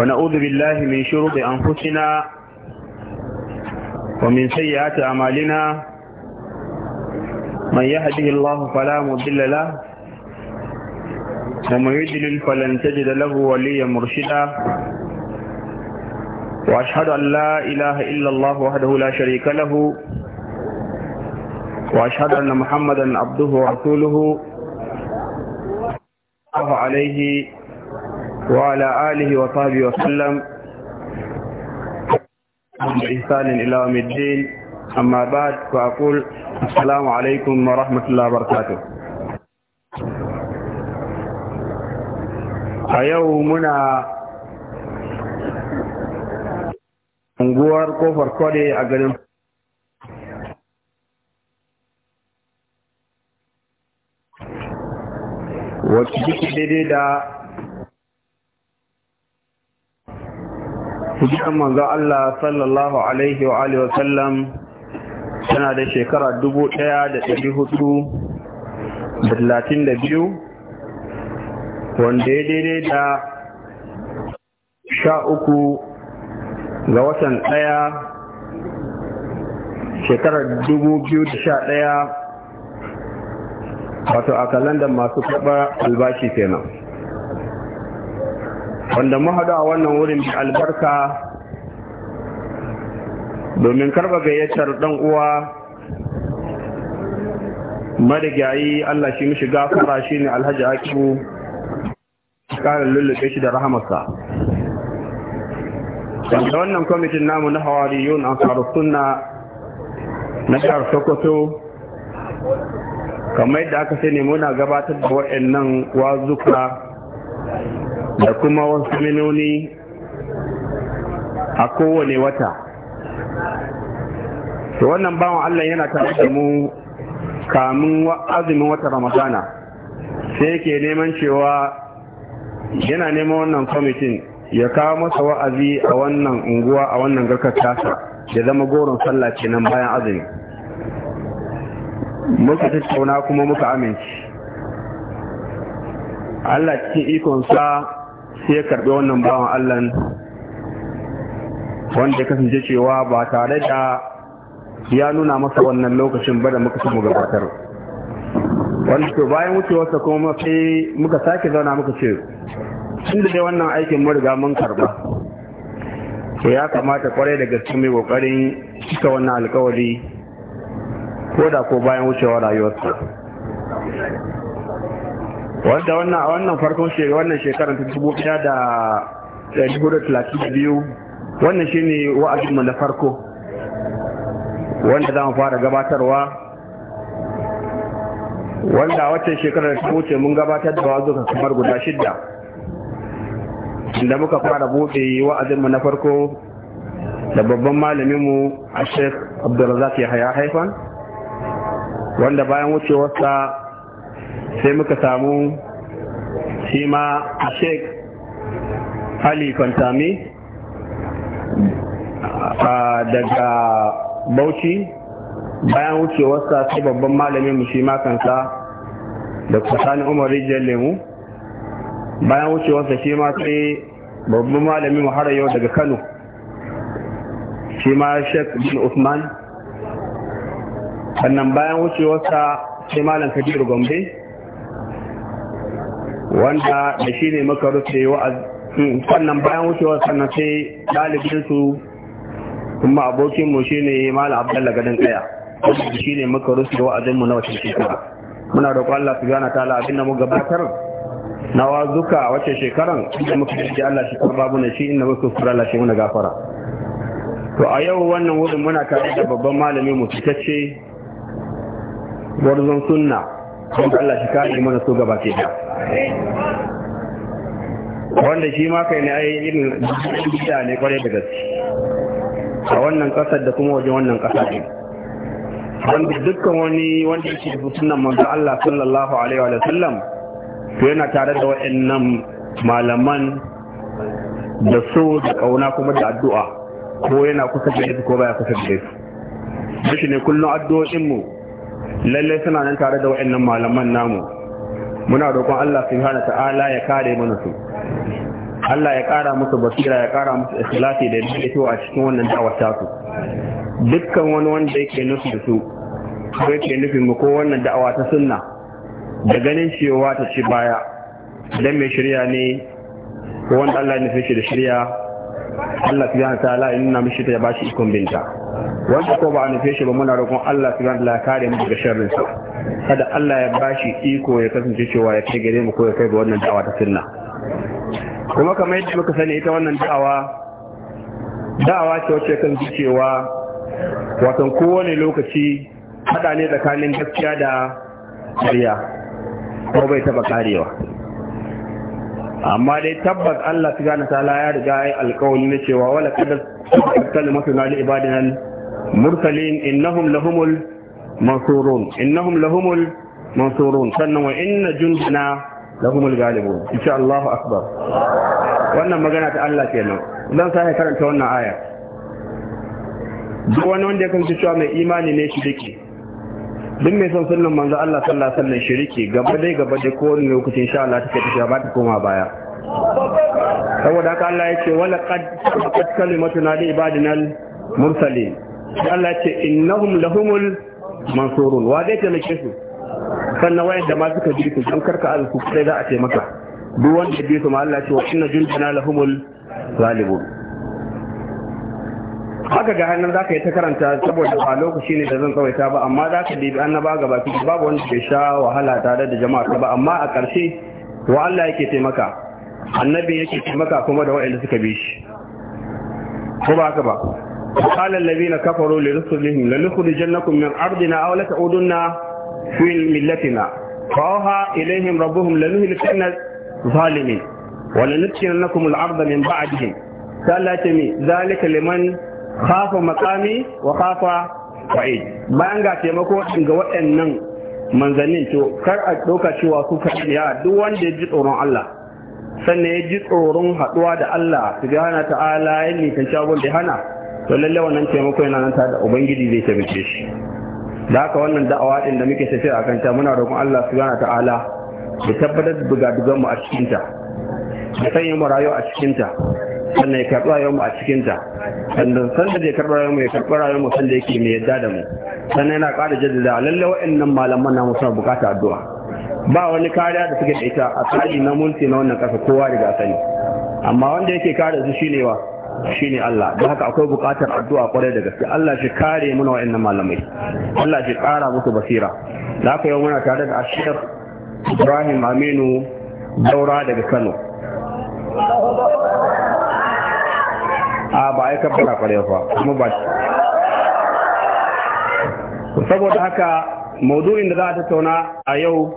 ونعوذ بالله من شرور أنفسنا ومن سيئات أعمالنا من يهده الله فلا مضل له ومن يضلل فلن تجد له وليا مرشدا وأشهد أن لا إله إلا الله وحده لا شريك له وأشهد أن محمدا عبده ورسوله صلى الله عليه وعلى آله وصحبه وسلم بإحسان إلى يوم الدين أما بعد فأقول السلام عليكم ورحمة الله وبركاته a yau muna unguwar kofar kwade a garin wacce daidai da hijiran manzon Allah sallallahu alaihi wa alihi wasallam tana da shekara dubu ɗaya da ɗari hudu da talatin da biyu wanda ya daidai da sha uku ga watan ɗaya shekarar dubu biyu da sha ɗaya wato a kalandar masu karɓar albashi kenan nan wanda mu haɗu a wannan wurin albarka domin karɓa gayyatar ɗan uwa marigayi Allah shi mishi gafara shi ne alhaji akibu ƙarin lullube shi da rahamarsa da wannan kwamitin namu na hawari yun an sunna na jihar sokoto kamar yadda aka sai ne muna gabatar da waɗannan wazuka da kuma wasu minoni a kowane wata to wannan bawan Allah yana tare da mu kamun azumin wata ramadana sai yake neman cewa yana neman wannan kwamitin ya kawo masa wa'azi a wannan unguwa a wannan garkar tasa ya zama goron sallah kenan bayan azumi muka tattauna kuma muka amince Allah cikin ikonsa sai ya karɓi wannan bawan Allah wanda ya kasance cewa ba tare da ya nuna masa wannan lokacin ba da muka mu gabatar wanda to bayan wucewarsa kuma sai muka sake zauna muka ce tun da dai wannan aikin mun riga mun karba to ya kamata kwarai da gaske mai kokarin cika wannan alkawari ko da ko bayan wucewar rayuwarsa wanda wannan a wannan farkon wannan shekarar ta dubu ɗaya da eh, dubu da talatin da biyu wannan shi ne wa'azinmu na farko wanda za mu fara gabatarwa wanda a waccan shekarar ta wuce mun gabatar da ka kamar guda shidda inda muka fara buɗe wa'azinmu na farko da babban malaminmu a sheikh abdulrazak ya haifan wanda bayan wucewarsa sai muka samu shi ma a shek ali kwantami daga bauchi bayan wucewarsa sai babban malamin mu shi ma kansa da kusani umar rijiyar lemu bayan wucewarsa shi ma sai babban malamin mu har yau daga kano shi ma sheik bin usman sannan bayan wucewarsa sai malam kabiru gombe wanda da shi ne maka rufe hmm, sannan bayan wucewa sannan sai ɗalibinsu kuma abokinmu shi ne mala abdalla gadon tsaya wanda shi ne maka rufe wa'azinmu na wacce shekara muna roƙon Allah su gana ta abin da mu gabatar na wazuka wacce shekaran inda muka yi Allah shi karba na shi inda muka kura Allah shi muna gafara to a yau wannan wurin muna tare da babban malamin mu fitacce gwarzon sunna wanda Allah shi kare mana so gaba ke da wanda shi ma kai ne ai irin gida ne kwarai da gaske a wannan kasar da kuma wajen wannan kasa ne wanda dukkan wani wanda yake da sunan manzo Allah sallallahu alaihi wa sallam to yana tare da waɗannan malaman da so da kauna kuma da addu'a ko yana kusa da su ko baya kusa da su shi ne kullum addu'o'in mu Lallai suna nan tare da waɗannan malaman namu muna roƙon Allah subhanahu ta'ala ya kare mana su Allah ya kara musu basira ya kara musu ikhlasi da daidaito a cikin wannan da'awar dukkan wani wanda yake nufi da su ko yake nufi mu ko wannan da'awa ta sunna da ganin cewa ta ci baya dan mai shirya ne ko wanda Allah ya nufi shi da shirya Allah subhanahu wa ta'ala in na mishi ta bashi ikon binta wanda ko ba a nufe shi ba muna roƙon Allah subhanahu wa ta'ala kare mu daga sharrin sa kada Allah ya bashi iko ya kasance cewa ya kai gare mu ko ya kai ga wannan da'awa ta sunna kuma kamar yadda muka sani ita wannan da'awa da'awa ce wacce kan cewa watan kowane lokaci hada ne tsakanin gaskiya da ƙarya ko bai taba karewa amma dai tabbas Allah subhanahu ta'ala ya riga ya alƙawari na cewa wala qad kalimatu li ibadina mursalin innahum lahumul mansurun innahum lahumul mansurun sannan wa inna jundana lahumul galibun insha Allahu akbar wannan magana ta Allah kenan dan sai karanta wannan aya duk wani wanda ya kasance cewa mai imani ne shi dake duk mai son sunan manzo Allah sallallahu alaihi wasallam shirki gaba dai gaba dai ko wani lokacin insha Allah take tafiya ba ta koma baya saboda haka Allah yake wala qad qad kalimatuna li ibadinal mursalin Allah yake innahum lahumul mansurun wa ta taimake su sannan wayar da ma suka bi su don karka azu sai za a taimaka duk wanda bi su ma Allah yake wa inna jundana lahumul ghalibun haka ga hannun ka yi ta karanta saboda ba lokaci ne da zan tsawaita ba amma zaka dibi annaba gaba ki babu wanda ke sha wahala tare da jama'a ba amma a ƙarshe to Allah yake taimaka annabi yake taimaka kuma da wa'anda suka bi shi ko ba haka ba قال الذين كفروا لرسلهم لنخرجنكم من أرضنا أو لتعودن في ملتنا فأوحى إليهم ربهم لنهلكن الظالمين ولنسكننكم الأرض من بعدهم قال ذلك لمن Kafa makami wa khafa fa'id bayan ga taimako din ga waɗannan manzannin to kar a ɗauka cewa su ya duk wanda ya ji tsoron Allah sannan ya ji tsoron haɗuwa da Allah subhanahu ta'ala ya nisanci abin da hana to lalle wannan taimako yana nan da ubangiji zai taimake shi da haka wannan da'awa din da muke tafiya a kanta muna roƙon Allah subhanahu ta'ala ya tabbatar da bugadugan mu a cikinta da sanya mu rayuwa a cikinta sannan ya karɓi rayuwar mu a cikin ta sannan sanda da ya karɓi rayuwar mu ya karɓi rayuwar mu sanda yake mai yadda da mu sannan yana ƙara jaddada lalle wa'annan malaman namu suna bukata addu'a ba wani kariya da suke da ita a tsari na mulki na wannan ƙasa kowa daga sani amma wanda yake kare su shine wa shine Allah don haka akwai buƙatar addu'a kwarai da gaske Allah shi kare muna wa'annan malamai Allah shi ƙara musu basira da yi wa muna tare da Ashir Ibrahim Aminu Daura daga Kano a ba ai kabbara kwarewa fa kuma ba saboda haka maudu'in da za a tattauna a yau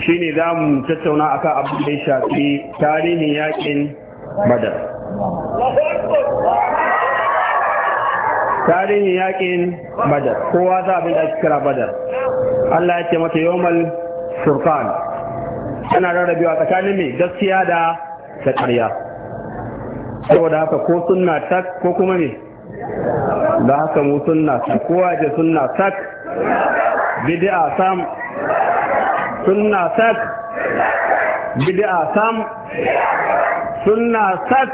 shine za mu tattauna kan abin da ya shafi tarihin yakin badar tarihin yakin badar kowa za a bin da ake kira badar Allah ya ce mata yawmal furqan Ana rarrabewa tsakanin mai gaskiya da da ƙarya saboda haka ko sunna tak ko kuma ne da haka mu sunna tak ko ce sunna tak bid'a sam sunna tak bid'a sam sunna tak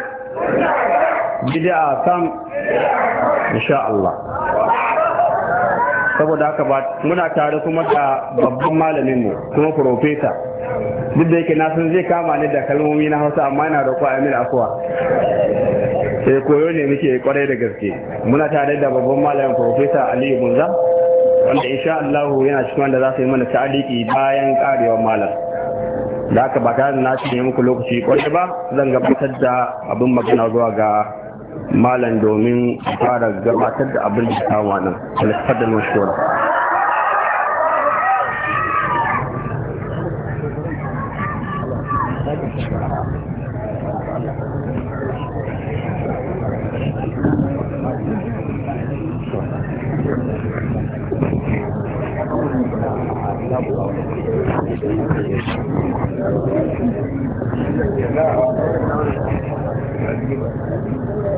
bid'a sam insha Allah saboda haka ba muna tare kuma da babban malamin mu kuma profesa duk da yake na san zai kama ni da kalmomi na hausa amma yana roƙo a mil afuwa sai eh, koyo ne muke kwarai da gaske muna tare da babban malamin profesa aliyu bunza wanda insha Allah yana cikin wanda za su yi mana ta'aliki bayan karewar malam da haka ba tare da na ne muku lokaci kwarai ba zan gabatar da abin magana zuwa ga malam domin fara gabatar da abin da kawo nan alfadar mashura Thank you.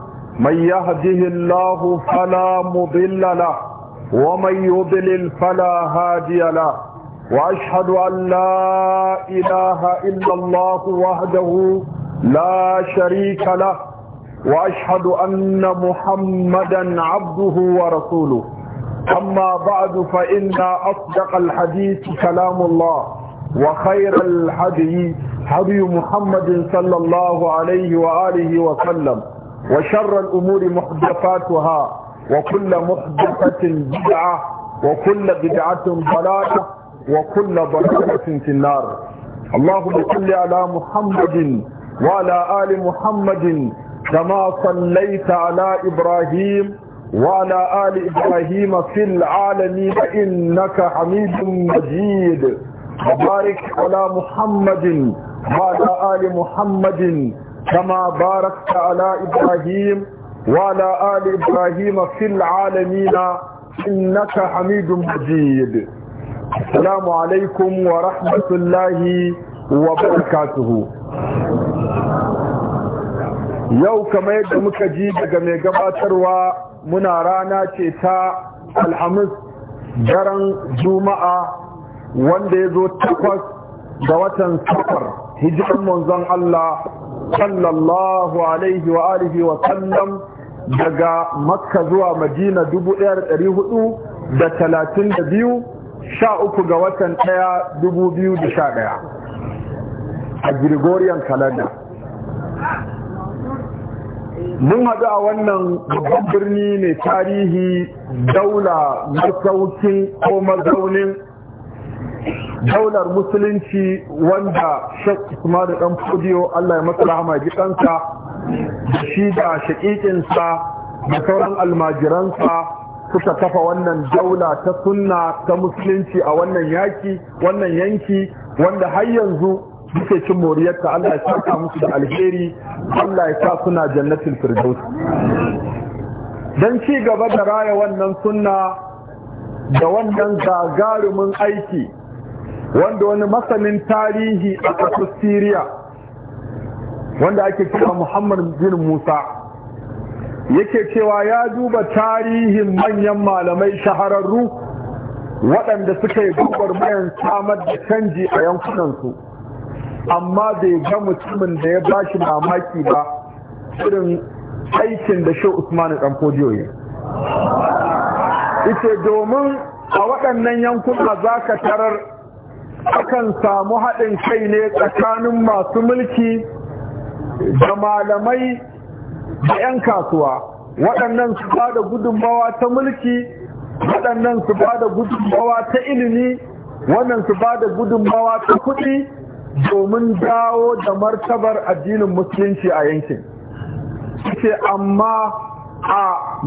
من يهده الله فلا مضل له ومن يضلل فلا هادي له واشهد ان لا اله الا الله وحده لا شريك له واشهد ان محمدا عبده ورسوله اما بعد فان اصدق الحديث كلام الله وخير الحديث هدي محمد صلى الله عليه واله وسلم وشر الأمور محدثاتها وكل محدثة بدعة وكل بدعة ضلالة وكل ضلالة في النار اللهم صل على محمد وعلى آل محمد كما صليت على إبراهيم وعلى آل إبراهيم في العالمين إنك حميد مجيد وبارك على محمد وعلى آل محمد كما باركت على إبراهيم وعلى آل إبراهيم في العالمين إنك حميد مجيد السلام عليكم ورحمة الله وبركاته yau kamar yadda muka ji daga mai gabatarwa muna rana ce ta alhamis daren juma'a wanda ya zo takwas ga watan safar hijiran manzon Allah sallallahu alaihi wa alihi wa sallam daga makka zuwa madina biyu sha uku ga watan ɗaya ɗaya a gregorian calendar mun haɗu a wannan babban birni ne tarihi daula masaukin ko mazaunin daular musulunci wanda shek da ɗan fudiyo Allah ya masa rahama ji kansa shi da shaƙiƙinsa da sauran almajiransa suka kafa wannan daula ta sunna ta musulunci a wannan yaki wannan yanki wanda har yanzu suke cin moriyarta Allah ya saka musu da alheri Allah ya sa suna jannatin firdaus dan ci gaba da raya wannan sunna da wannan gagarumin aiki wanda wani masanin tarihi a ƙasar Siriya wanda ake kira Muhammad bin Musa yake cewa ya duba tarihin manyan malamai shahararru waɗanda suka yi mayan samar da canji a yankunansu amma bai ga mutumin da ya ba shi mamaki ba irin aikin da shi Usman ɗan kodiyoyi, Ita domin a waɗannan yankuna za ka tarar akan samu haɗin kai ne tsakanin masu mulki da malamai da 'yan kasuwa waɗannan su ba da gudunmawa ta mulki waɗannan su ba da gudunmawa ta ilimi wannan su ba da gudunmawa ta kuɗi domin dawo da martabar addinin musulunci a yankin ce amma a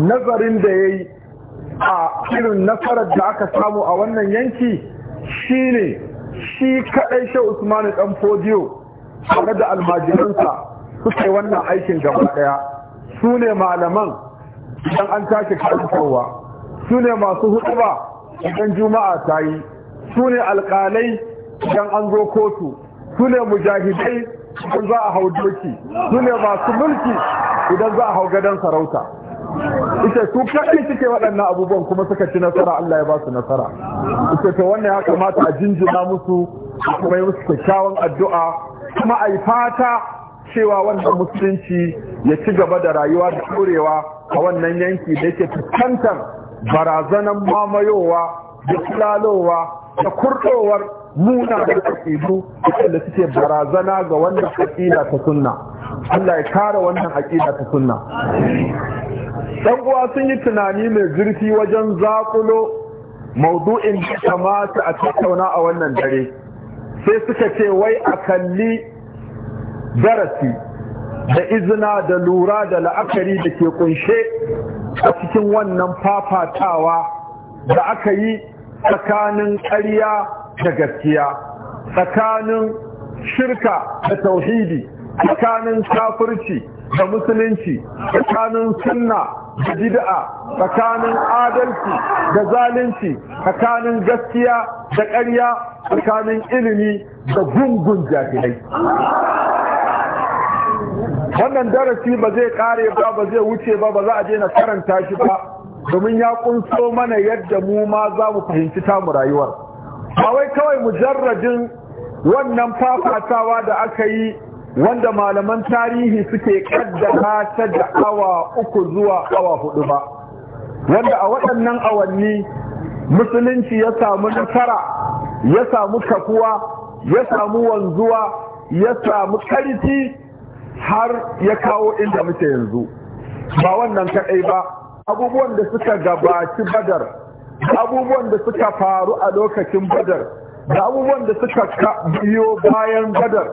nazarin da ya yi a irin nasarar da aka samu a wannan yanki shine shi kadai shi usmanu dan fodiyo tare da almajiransa suka yi wannan aikin gaba ɗaya su ne malaman idan an tashi karantarwa su ne masu hutuba idan juma'a ta yi su ne alƙalai idan an zo kotu su ne mujahidai idan za a hau doki su ne masu mulki idan za a hau gadon sarauta ita su kaɗai suke waɗannan abubuwan kuma suka ci nasara Allah ya ba su nasara ita ta wannan ya kamata a jinjina musu kuma yi musu kyakkyawan addu'a kuma a yi fata cewa wannan musulunci ya ci gaba da rayuwa da ɗorewa a wannan yanki da yake fuskantar barazanan mamayowa da kulalowa da kurɗowar muna da aqidu da suke barazana ga wannan aqida ta sunna Allah ya kare wannan aqida ta sunna dan uwa sun yi tunani mai zurfi wajen zakulo maudu'in da kamata a tattauna a wannan dare sai suka ce wai a kalli darasi da izina da lura da la'akari da ke kunshe a cikin wannan fafatawa da aka yi tsakanin ƙarya da gaskiya tsakanin shirka da tauhidi tsakanin kafirci da musulunci tsakanin sunna da bid'a tsakanin adalci da zalunci tsakanin gaskiya da ƙarya tsakanin ilimi da gungun jahilai wannan darasi ba zai kare ba ba zai wuce ba ba za a je na karanta shi ba domin ya kunso mana yadda mu ma za mu fahimci tamu rayuwar ba wai kawai mujarradin wannan fafatawa da aka yi wanda malaman tarihi suke kaddara ta da awa uku zuwa awa hudu ba wanda a waɗannan awanni musulunci ya samu nasara ya samu kafuwa ya samu wanzuwa ya samu karfi har ya kawo inda muke yanzu ba wannan kaɗai ba abubuwan da suka gabaci badar abubuwan da suka faru a lokacin badar da abubuwan da suka biyo bayan badar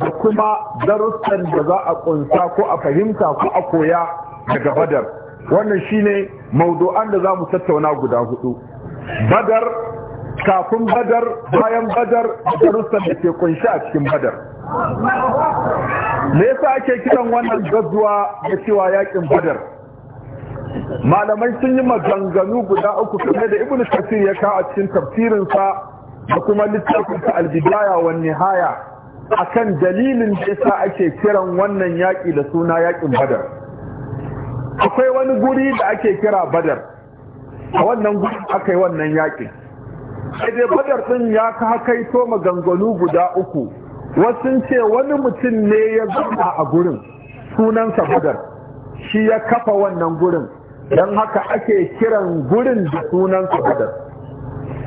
da kuma darussan da za a kunsa ko a fahimta ko a koya daga badar wannan shine maudu'an da za mu tattauna guda hudu badar kafin badar bayan badar da darussan da ke kunshi a cikin badar me yasa ake kiran wannan gazuwa da cewa yakin badar malamai sun yi maganganu guda uku game da ibn kasir ya kawo a cikin tafsirinsa da kuma littafin ta albidaya wa nihaya akan dalilin da yasa ake kiran wannan yaƙi da suna yaƙin badar akwai wani guri da ake kira badar a wannan guri aka yi wannan yaƙin sai badar din ya kai to maganganu guda uku wasu ce wani mutum ne ya zama a gurin sunansa badar shi ya kafa wannan gurin don haka ake kiran gurin da sunan badar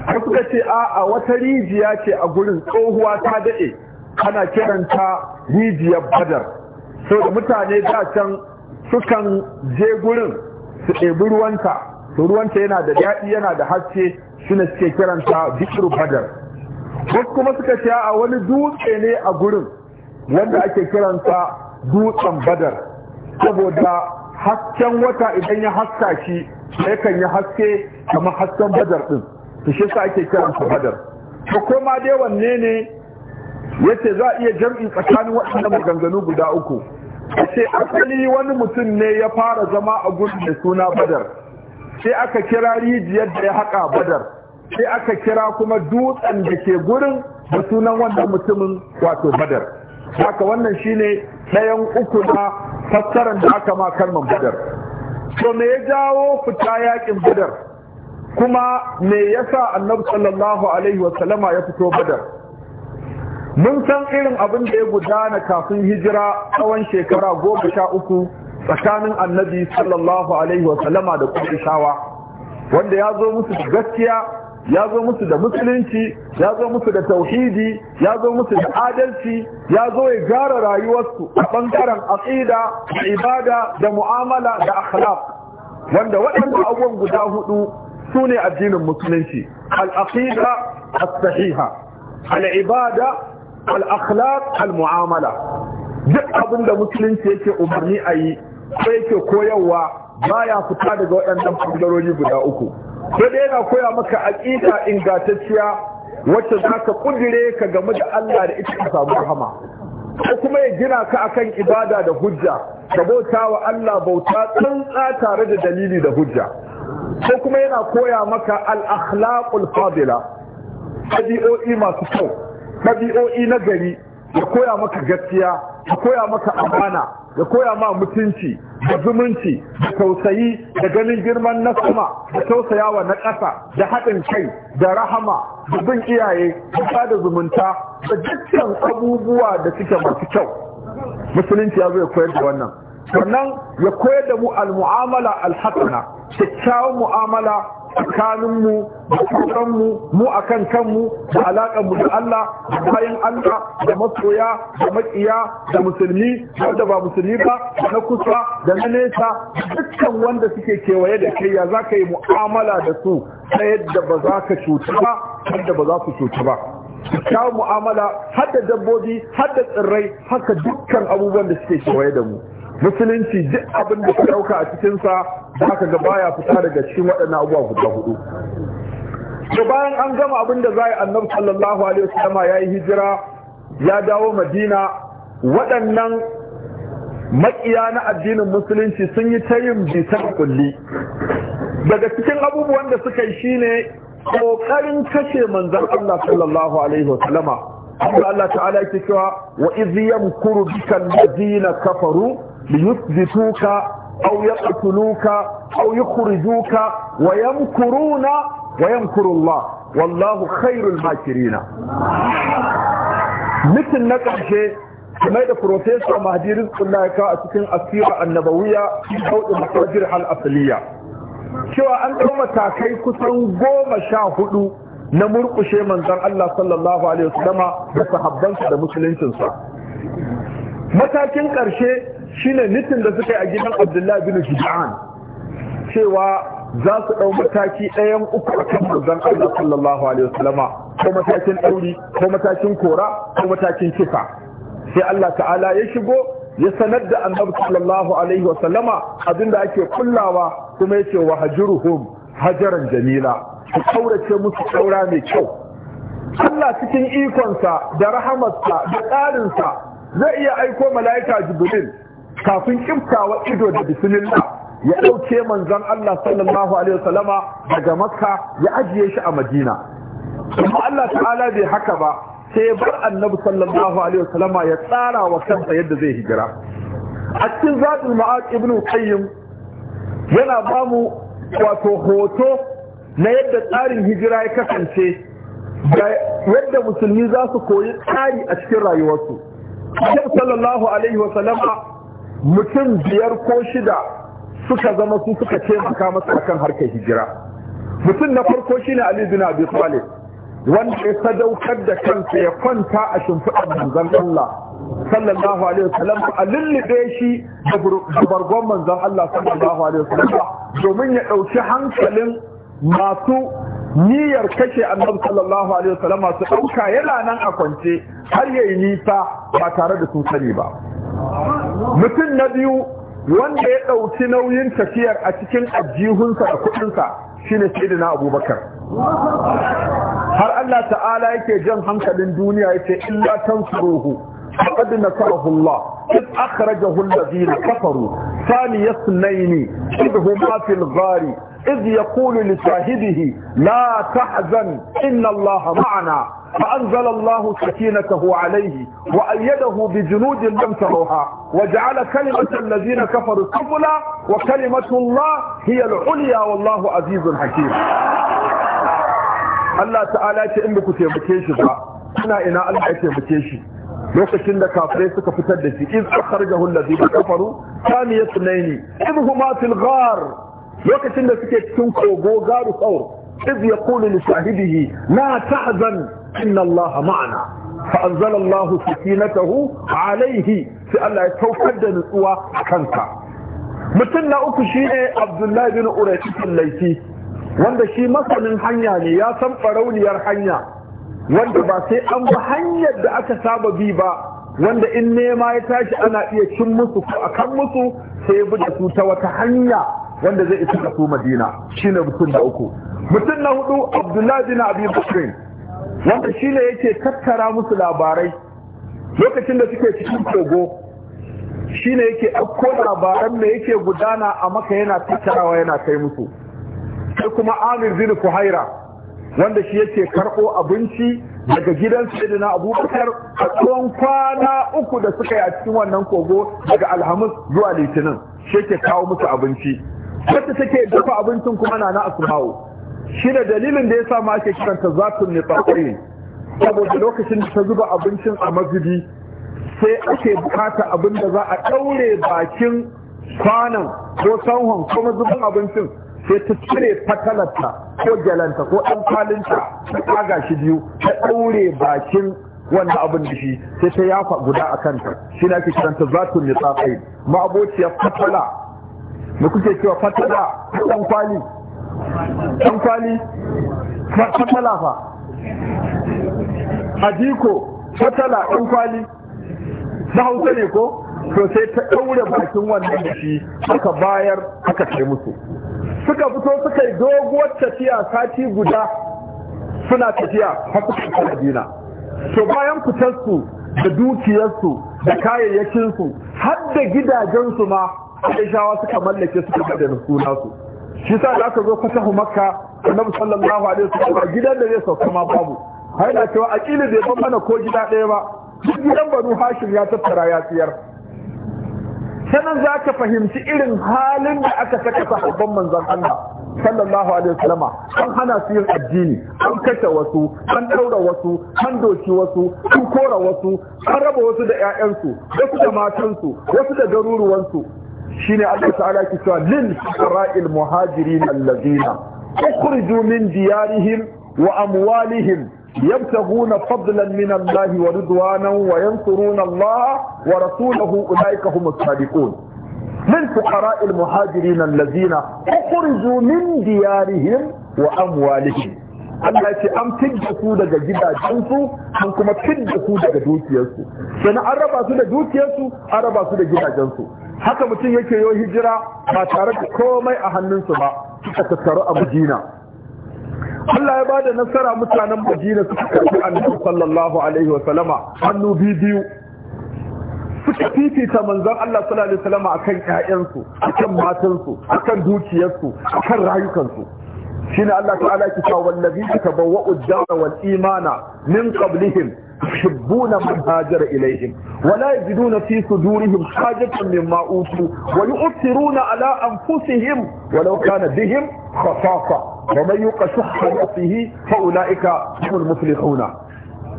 har suka ce a wata rijiya ce a gurin tsohuwa ta daɗe ana kiranta rijiyar badar so da mutane da can sukan je gurin su ɗebi ruwanta su ruwanta yana da daɗi yana da haske suna suke kiranta bikiru badar wasu kuma suka ce a wani dutse ne a gurin wanda ake kiranta dutsen badar saboda hasken wata idan ya haska shi kan yi haske kamar hasken badar ɗin, to shi sa ake kiran badar to koma dai wanne ne yace za a iya jam'i tsakanin waɗannan maganganu guda uku ce asali wani mutum ne ya fara zama a gudu da suna badar sai aka kira rijiyar da ya haƙa badar sai aka kira kuma dutsen da ke gurin da sunan wannan mutumin wato badar haka wannan shine ɗayan uku na fassarar da aka ma kalmar badar to me ya jawo fita yakin badar kuma me yasa annabi sallallahu alaihi wasallama ya fito badar mun san irin abin da ya gudana kafin hijira tsawon shekara goma sha uku tsakanin annabi sallallahu alaihi wasallama da kuma shawa wanda ya zo musu gaskiya ya zo musu da musulunci ya zo musu da tauhidi ya zo musu da adalci ya zo ya gyara rayuwarsu a bangaren aqida da ibada da mu'amala da akhlaq wanda waɗannan abubuwan guda hudu su ne addinin musulunci al-aqida as-sahiha al-ibada al al-mu'amala duk abin da musulunci yake umarni a yi ko yake koyarwa baya fita daga waɗannan ɓangarori guda uku sai dai yana koya maka aƙida ingantacciya wacce za ka ƙudire ka gamu da Allah da ita ka samu rahama ko kuma ya gina ka akan ibada da hujja ka bauta wa Allah bauta tsantsa tare da dalili da hujja ko kuma yana koya maka al-akhlaqul fadila ɗabi'o'i masu kyau ɗabi'o'i na gari ya koya maka gaskiya ya koya maka amana ya koya ma mutunci da zumunci da tausayi da ganin girman na sama da tausayawa na ƙasa da haɗin kai da rahama da bin iyaye da da zumunta da dukkan abubuwa da suke masu kyau musulunci ya zo ya koyar da wannan sannan ya koyar da mu al-mu'amala al-hasana kyakkyawan mu'amala tsakaninmu da kanmu mu a kan kanmu da mu da Allah da bayan Allah da masoya da maƙiya da musulmi wanda ba musulmi ba na kusa da na nesa dukkan wanda suke kewaye da kai ya za ka yi mu'amala da su ta yadda ba za ka cuci ba yadda ba za ku cuci ba kyawun mu'amala har da dabbobi har da tsirrai haka dukkan abubuwan da suke kewaye da mu musulunci duk abin da ka ɗauka a cikinsa za ka ga baya fita daga cikin waɗannan abubuwa guda hudu to bayan an gama abin da za a yi annabi sallallahu alaihi wasallam ya yi hijira ya dawo madina waɗannan makiya na addinin musulunci sun yi ta yin bitar kulli daga cikin abubuwan da suka yi shine kokarin kashe manzon Allah sallallahu alaihi wasallama Allah ta'ala yake cewa wa iz yamkuru bika allazina kafaru ليثبتوك أو يقتلوك أو يخرجوك ويمكرون ويمكر الله والله خير الماكرين مثل نقشه kamar da profesa mahdi rizqullah ya kawo a cikin asira annabawiya sauɗi masajir hal asaliya cewa an ɗau matakai kusan goma sha hudu na murƙushe manzon Allah sallallahu da sahabbansa da musuluncinsa matakin ƙarshe shine nitin da suka yi a gidan abdullahi bin shuja'an cewa za su ɗau mataki ɗayan uku a kan manzon Allah sallallahu alaihi wasallama ko matakin ɗauri ko matakin kora ko matakin kisa sai Allah ta'ala ya shigo ya sanar da annabi sallallahu alaihi wasallama abinda ake kullawa kuma yace wa hajuruhum hajaran jamila su kaurace musu kaura mai kyau Allah cikin ikonsa da rahamarsa da tsarinsa zai iya aiko mala'ika jibril kafin kiftawa ido da bismillah ya ɗauke manzon Allah sallallahu alaihi wasallama daga makka ya ajiye shi a madina kuma Allah ta'ala bai haka ba sai bar annabi sallallahu alaihi wasallama ya tsara wa kansa yadda zai hijira a cikin zaɓin ma'aƙ ibn qayyim yana ba mu wato hoto na yadda tsarin hijira ya kasance da yadda musulmi za su koyi tsari a cikin rayuwarsu Annabi sallallahu alaihi wa sallama mutum biyar ko shida suka zama su suka taimaka masa akan harkar hijira. Mutum na farko shine Ali bin Abi Talib wanda ya sadaukar da kansa ya kwanta a shimfiɗar manzon Allah sallallahu alaihi wasallam a lullube shi da bargon manzon Allah sallallahu alaihi wa wasallam domin ya ɗauki hankalin masu niyyar kashe annabi sallallahu alaihi wasallam su dauka yana nan a kwance har yayi nisa ba tare da sun sani ba mutum na biyu wanda ya dauki nauyin tafiyar a cikin ajihunsa da kudinsa shine sayyidina abubakar har Allah ta'ala yake jan hankalin duniya yace illa tansuruhu فقد نصره الله إذ أخرجه الذين كفروا ثاني اثنين إذ هما في الغار إذ يقول لشاهده لا تحزن إن الله معنا فأنزل الله سكينته عليه وأيده بجنود لم تروها وجعل كلمة الذين كفروا السفلى وكلمة الله هي العليا والله عزيز حكيم الله تعالى ya ce in ku إنا shi ba ina ina lokacin da kafirai suka fitar da shi iz akhrajahu alladhina kafaru thaniya sunaini idhuma fil ghar lokacin da suke cikin kogo garu saur iz yaqulu li sahibihi la tahzan inna Allah ma'ana fa anzala allahu sakinatahu alayhi sai Allah ya saukar da nutsuwa a kanka mutum na uku shine abdullahi bin urayt laifi wanda shi masanin hanya ne ya san farauniyar hanya wanda ba sai an ba hanyar da aka saba bi ba wanda in nema ya tashi ana iya cin musu ko a kan musu sai ya da su ta wata hanya wanda zai isa da su madina shine mutum da uku mutum na hudu abdullahi bin abi bakrin wanda shine yake tattara musu labarai lokacin da suke cikin kogo shine yake ɗauko labaran da yake gudana a maka yana tattarawa yana kai musu sai kuma amir bin fuhaira wanda shi yake karɓo abinci daga gidan sayyidina abubakar a tsawon kwana uku da suka yi a cikin wannan kogo daga alhamis zuwa litinin shi yake kawo musu abinci wacce take dafa abincin kuma na na asmawo shi da dalilin da ya sa ma ake kiranta zatun ne saboda lokacin da ta zuba abincin a mazubi sai ake bukata abin da za a ɗaure bakin kwanan ko sanhon ko mazubin abincin sai ta cire fatalarta ko gyalanta ko ɗan kwalinta ta ɗaga shi biyu ta ɗaure bakin wannan abin da shi sai ta yafa guda a kanta shi na ke kiranta su ne tsafai ma'abociyar fatala da kuke cewa fatala ɗan kwali ɗan kwali fatala fa Adiko fatala ɗan kwali na hausa ne ko to sai ta ɗaure bakin wannan da shi aka bayar aka kai musu suka fito suka yi doguwar tafiya sati guda suna tafiya har suka Madina to bayan fitarsu da dukiyarsu da kayayyakinsu har da gidajensu ma Aishawa suka mallake suka da suna su shi sa da aka zo fatahu makka annabi sallallahu alaihi wasallam gidan da zai sauka ma babu har da a kila bai ban mana ko gida ɗaya ba gidan banu hashim ya tattara ya tsiyar sanan za ka fahimci irin halin da aka saka sahabban manzon Allah sallallahu alaihi wasallam an hana su yin addini an kashe wasu an daura wasu an doci wasu an kora wasu an raba wasu da 'ya'yansu, wasu da matansu wasu da garuruwansu shine Allah ta'ala ke cewa lil fuqara'il muhajirin allazina ukhriju min diyarihim wa amwalihim يبتغون فضلا من الله ورضوانا وينصرون الله ورسوله أولئك هم الصادقون من فقراء المهاجرين الذين اخرجوا من ديارهم وأموالهم Allah ce an fidda su daga gidajensu an kuma fidda su daga dukiyarsu sannan an raba su da dukiyarsu an raba su da gidajensu haka mutum yake yo hijira ba tare da komai a hannunsu ba suka tattaru a Madina Allah ya ba da nasara mutanen Madina suka karbi Annabi sallallahu alaihi wa sallama hannu biyu suka fifita manzon Allah sallallahu alaihi wa sallama akan ƴaƴansu akan matansu akan dukiyarsu akan rayukansu shine Allah ta'ala Ki cewa wallazina tabawwa'u ad-dara wal imana min qablihim يحبون من هاجر إليهم ولا يجدون في صدورهم حاجة مما أوتوا ويؤثرون على أنفسهم ولو كان بهم خصاصة ومن يوق شح نفسه فأولئك هم المفلحون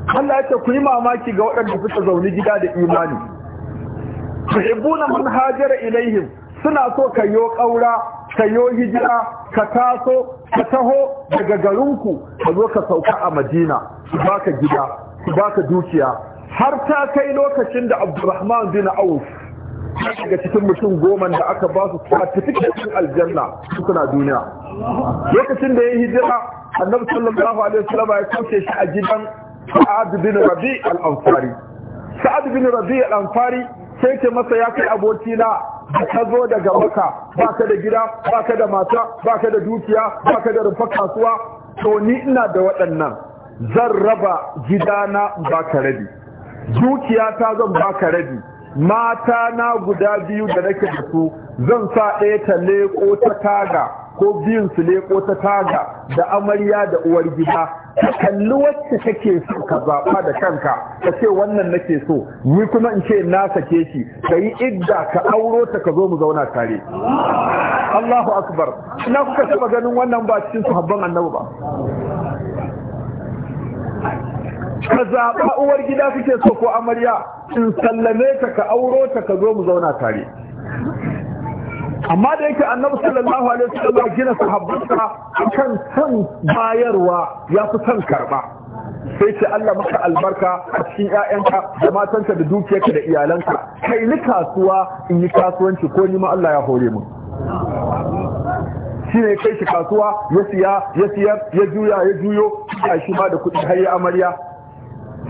Allah ya ce ku yi mamaki ga waɗanda suka zaune gida da imani. Tuhibbuna man hajara ilaihim suna so ka yo ƙaura, ka yo hijira, ka taso, ka taho daga garinku, ka zo ka sauka a Madina, su baka gida, su baka dukiya har ta kai lokacin da abdurrahman bin auf daga cikin mutum goma da aka ba su certificate aljanna suna duniya lokacin da ya yi hijira annabi sallallahu alaihi wasallam ya kauce shi a gidan sa'ad bin rabi al-ansari sa'ad bin rabi al-ansari sai ce masa ya kai abokina da ka zo daga maka baka da gida baka da mata baka da dukiya baka da rufa kasuwa to ni ina da waɗannan zan raba gidana baka rabi dukiyata zan baka rabi mata na guda biyu da nake da su zan sa ɗaya ta leƙo ta taga ko biyun su leƙo ta taga da amarya da uwar gida ka kalli wacce kake so ka zaɓa da kanka ka ce wannan nake so ni kuma in ce na sake shi ka yi idda ka auro ta ka zo mu zauna tare Allahu akbar ina kuka taɓa ganin wannan ba cikin sahabban annabi ba ka zaɓa uwar gida kake so ko amarya in sallame ta ka auro ta ka zo mu zauna tare amma da yake annabi sallallahu alaihi wasallam gina sahabbansa akan san bayarwa ya fi san karba sai ce Allah maka albarka a cikin ƴaƴanka da matanka da dukiyarka da iyalanka kai ni kasuwa in yi kasuwanci ko ni ma Allah ya hore mu shi ne kai shi kasuwa ya siya ya siyar ya juya ya juyo a shi ma da kuɗi har ya amarya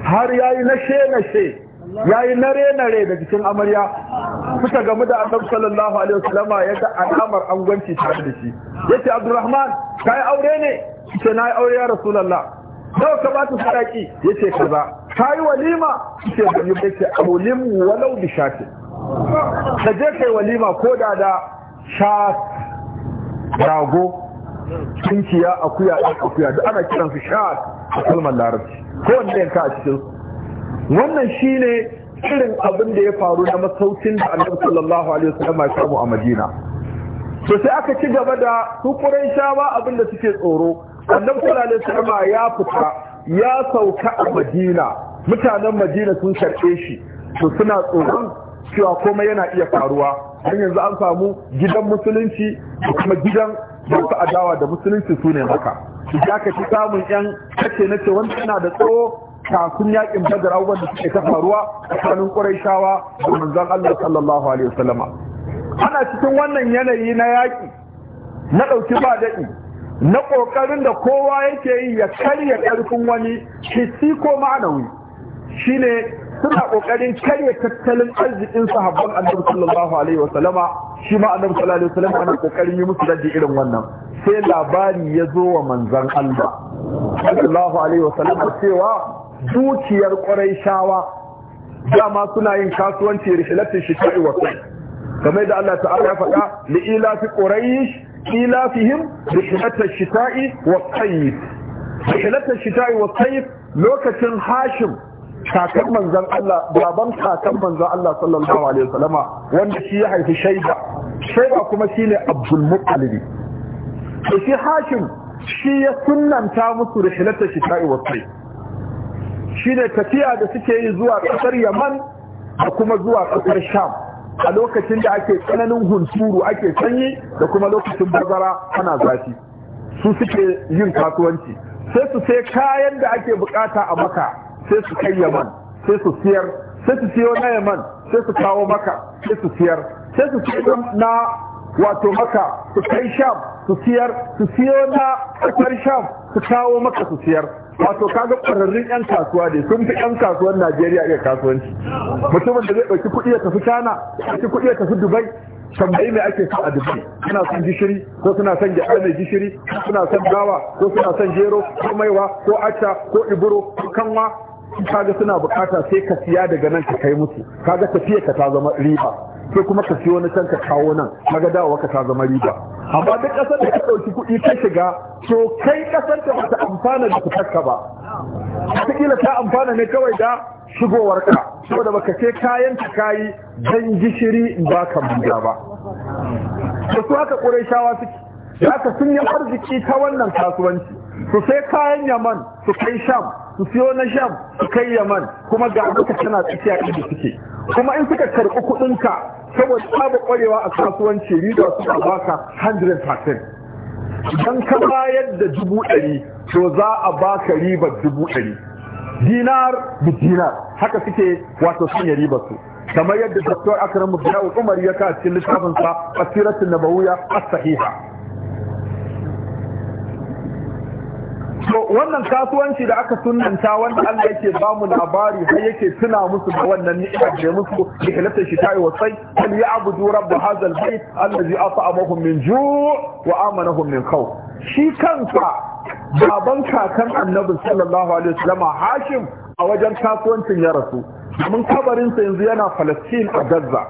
har ya yi nashe nashe ya yi nare nare da jikin amarya suka gamu da annabi sallallahu alaihi wasallama ya ga alamar angwanci tare da shi yace abdurrahman kai aure ne ce na yi aure ya rasulullah nawa ka ba su sadaki yace kaza kai walima ce da yi yace aulim walau bi shati ka kai walima ko da da shat rago kinciya akuya ɗan akuya duk ana kiransu sha a kalmar larabci kowanne yanka a cikin wannan shi ne irin abin da ya faru na masaukin da annabi sallallahu alaihi wasallam ya samu a Madina to sai aka ci gaba da su ba abin da suke tsoro annabi sallallahu alaihi wasallam ya fita ya sauka a Madina mutanen Madina sun karɓe shi to suna tsoron cewa komai yana iya faruwa har yanzu an samu gidan musulunci da kuma gidan masu adawa da musulunci su ne haka ya ka ci samun yan kace na ce wanda yana da tsawo kafin yaƙin badar abubuwan da suke ta faruwa tsakanin ƙuraishawa da manzon Allah sallallahu alaihi wasallama ana cikin wannan yanayi na yaƙi na ɗauki ba daɗi na ƙoƙarin da kowa yake yi ya karya ƙarfin wani hissi ko ma'anawi shine suna kokarin karya tattalin arzikin sahabban annabi sallallahu alaihi wasallama shi ma annabi sallallahu alaihi wasallama ana kokarin yi musu raddi irin wannan sai labari ya zo wa manzon Allah sallallahu alaihi wasallama cewa dukiyar shawa dama suna yin kasuwanci rishilatin shita'i wa kai kamar da Allah ta'ala ya faɗa li ila fi quraish ila fihim rishilatin shita'i wa kai rishilatin shita'i wa kai lokacin hashim kakan manzan Allah baban kakan manzan Allah sallallahu alaihi wanda shi ya haifi shaida, shaida kuma shine abdul muttalibi to shi hashim shi ya sunnanta musu rihlata shita'i wa sai shine tafiya da suke yi zuwa kasar yaman da kuma zuwa kasar sham a lokacin da ake tsananin hunturu ake sanyi da kuma lokacin bazara ana zafi su suke yin kasuwanci sai su sai kayan da ake bukata a maka sai su kai yaman sai su siyar sai su siyo na yaman sai su kawo maka sai su siyar sai su siyo na wato maka su kai sham su siyar su siyo na kasar sham su kawo maka su siyar wato kaga ƙwararrun 'yan kasuwa ne sun fi 'yan kasuwan najeriya iya kasuwanci mutumin da zai ɗauki kuɗi ya tafi china ɗauki kuɗi ya tafi dubai tambayi mai ake sa a dubai suna son gishiri ko suna son gyaɗa mai gishiri ko suna son gawa ko suna son gero ko maiwa ko aca ko iburo ko kanwa kaga suna bukata sai ka siya daga nan ka kai musu kaga tafiya ka ta zama riba sai kuma ka siyo na can ka kawo nan kaga dawowa ka ta zama riba amma duk kasar da ka dauki kuɗi ka shiga to kai kasar ta bata amfana da fitarka ba wataƙila ta amfana ne kawai da shigowar ka saboda baka ce kayan ka kayi dan gishiri ba ka buga ba to su haka ƙurayshawa suke da aka sun yi arziki ta wannan kasuwanci su sai kayan yaman su kai sham su siyo na sham su kai yaman kuma ga duka tana tsakiya inda suke kuma in suka karɓi kuɗinka saboda babu ƙwarewa a kasuwanci riba suka baka 100% idan ka bayar da dubu ɗari to za a baka ribar dubu ɗari dinar da dinar haka suke wato sanya ribar su kamar yadda Dr. Akram Bilawu Umar ya ka cikin littafinsa Asiratul Nabawiyya As-Sahiha to wannan kasuwanci da aka sunanta wanda Allah yake ba mu labari har yake tuna musu da wannan ni'imar da musu da halatta shi tayi wasai al ya'budu rabb hadha al bayt allazi at'amahum min ju' wa amanahum min khawf shi kansa baban kakan annabi sallallahu alaihi wasallam Hashim a wajen kasuwancin ya rasu Amin kabarinsa yanzu yana Falastin a Gaza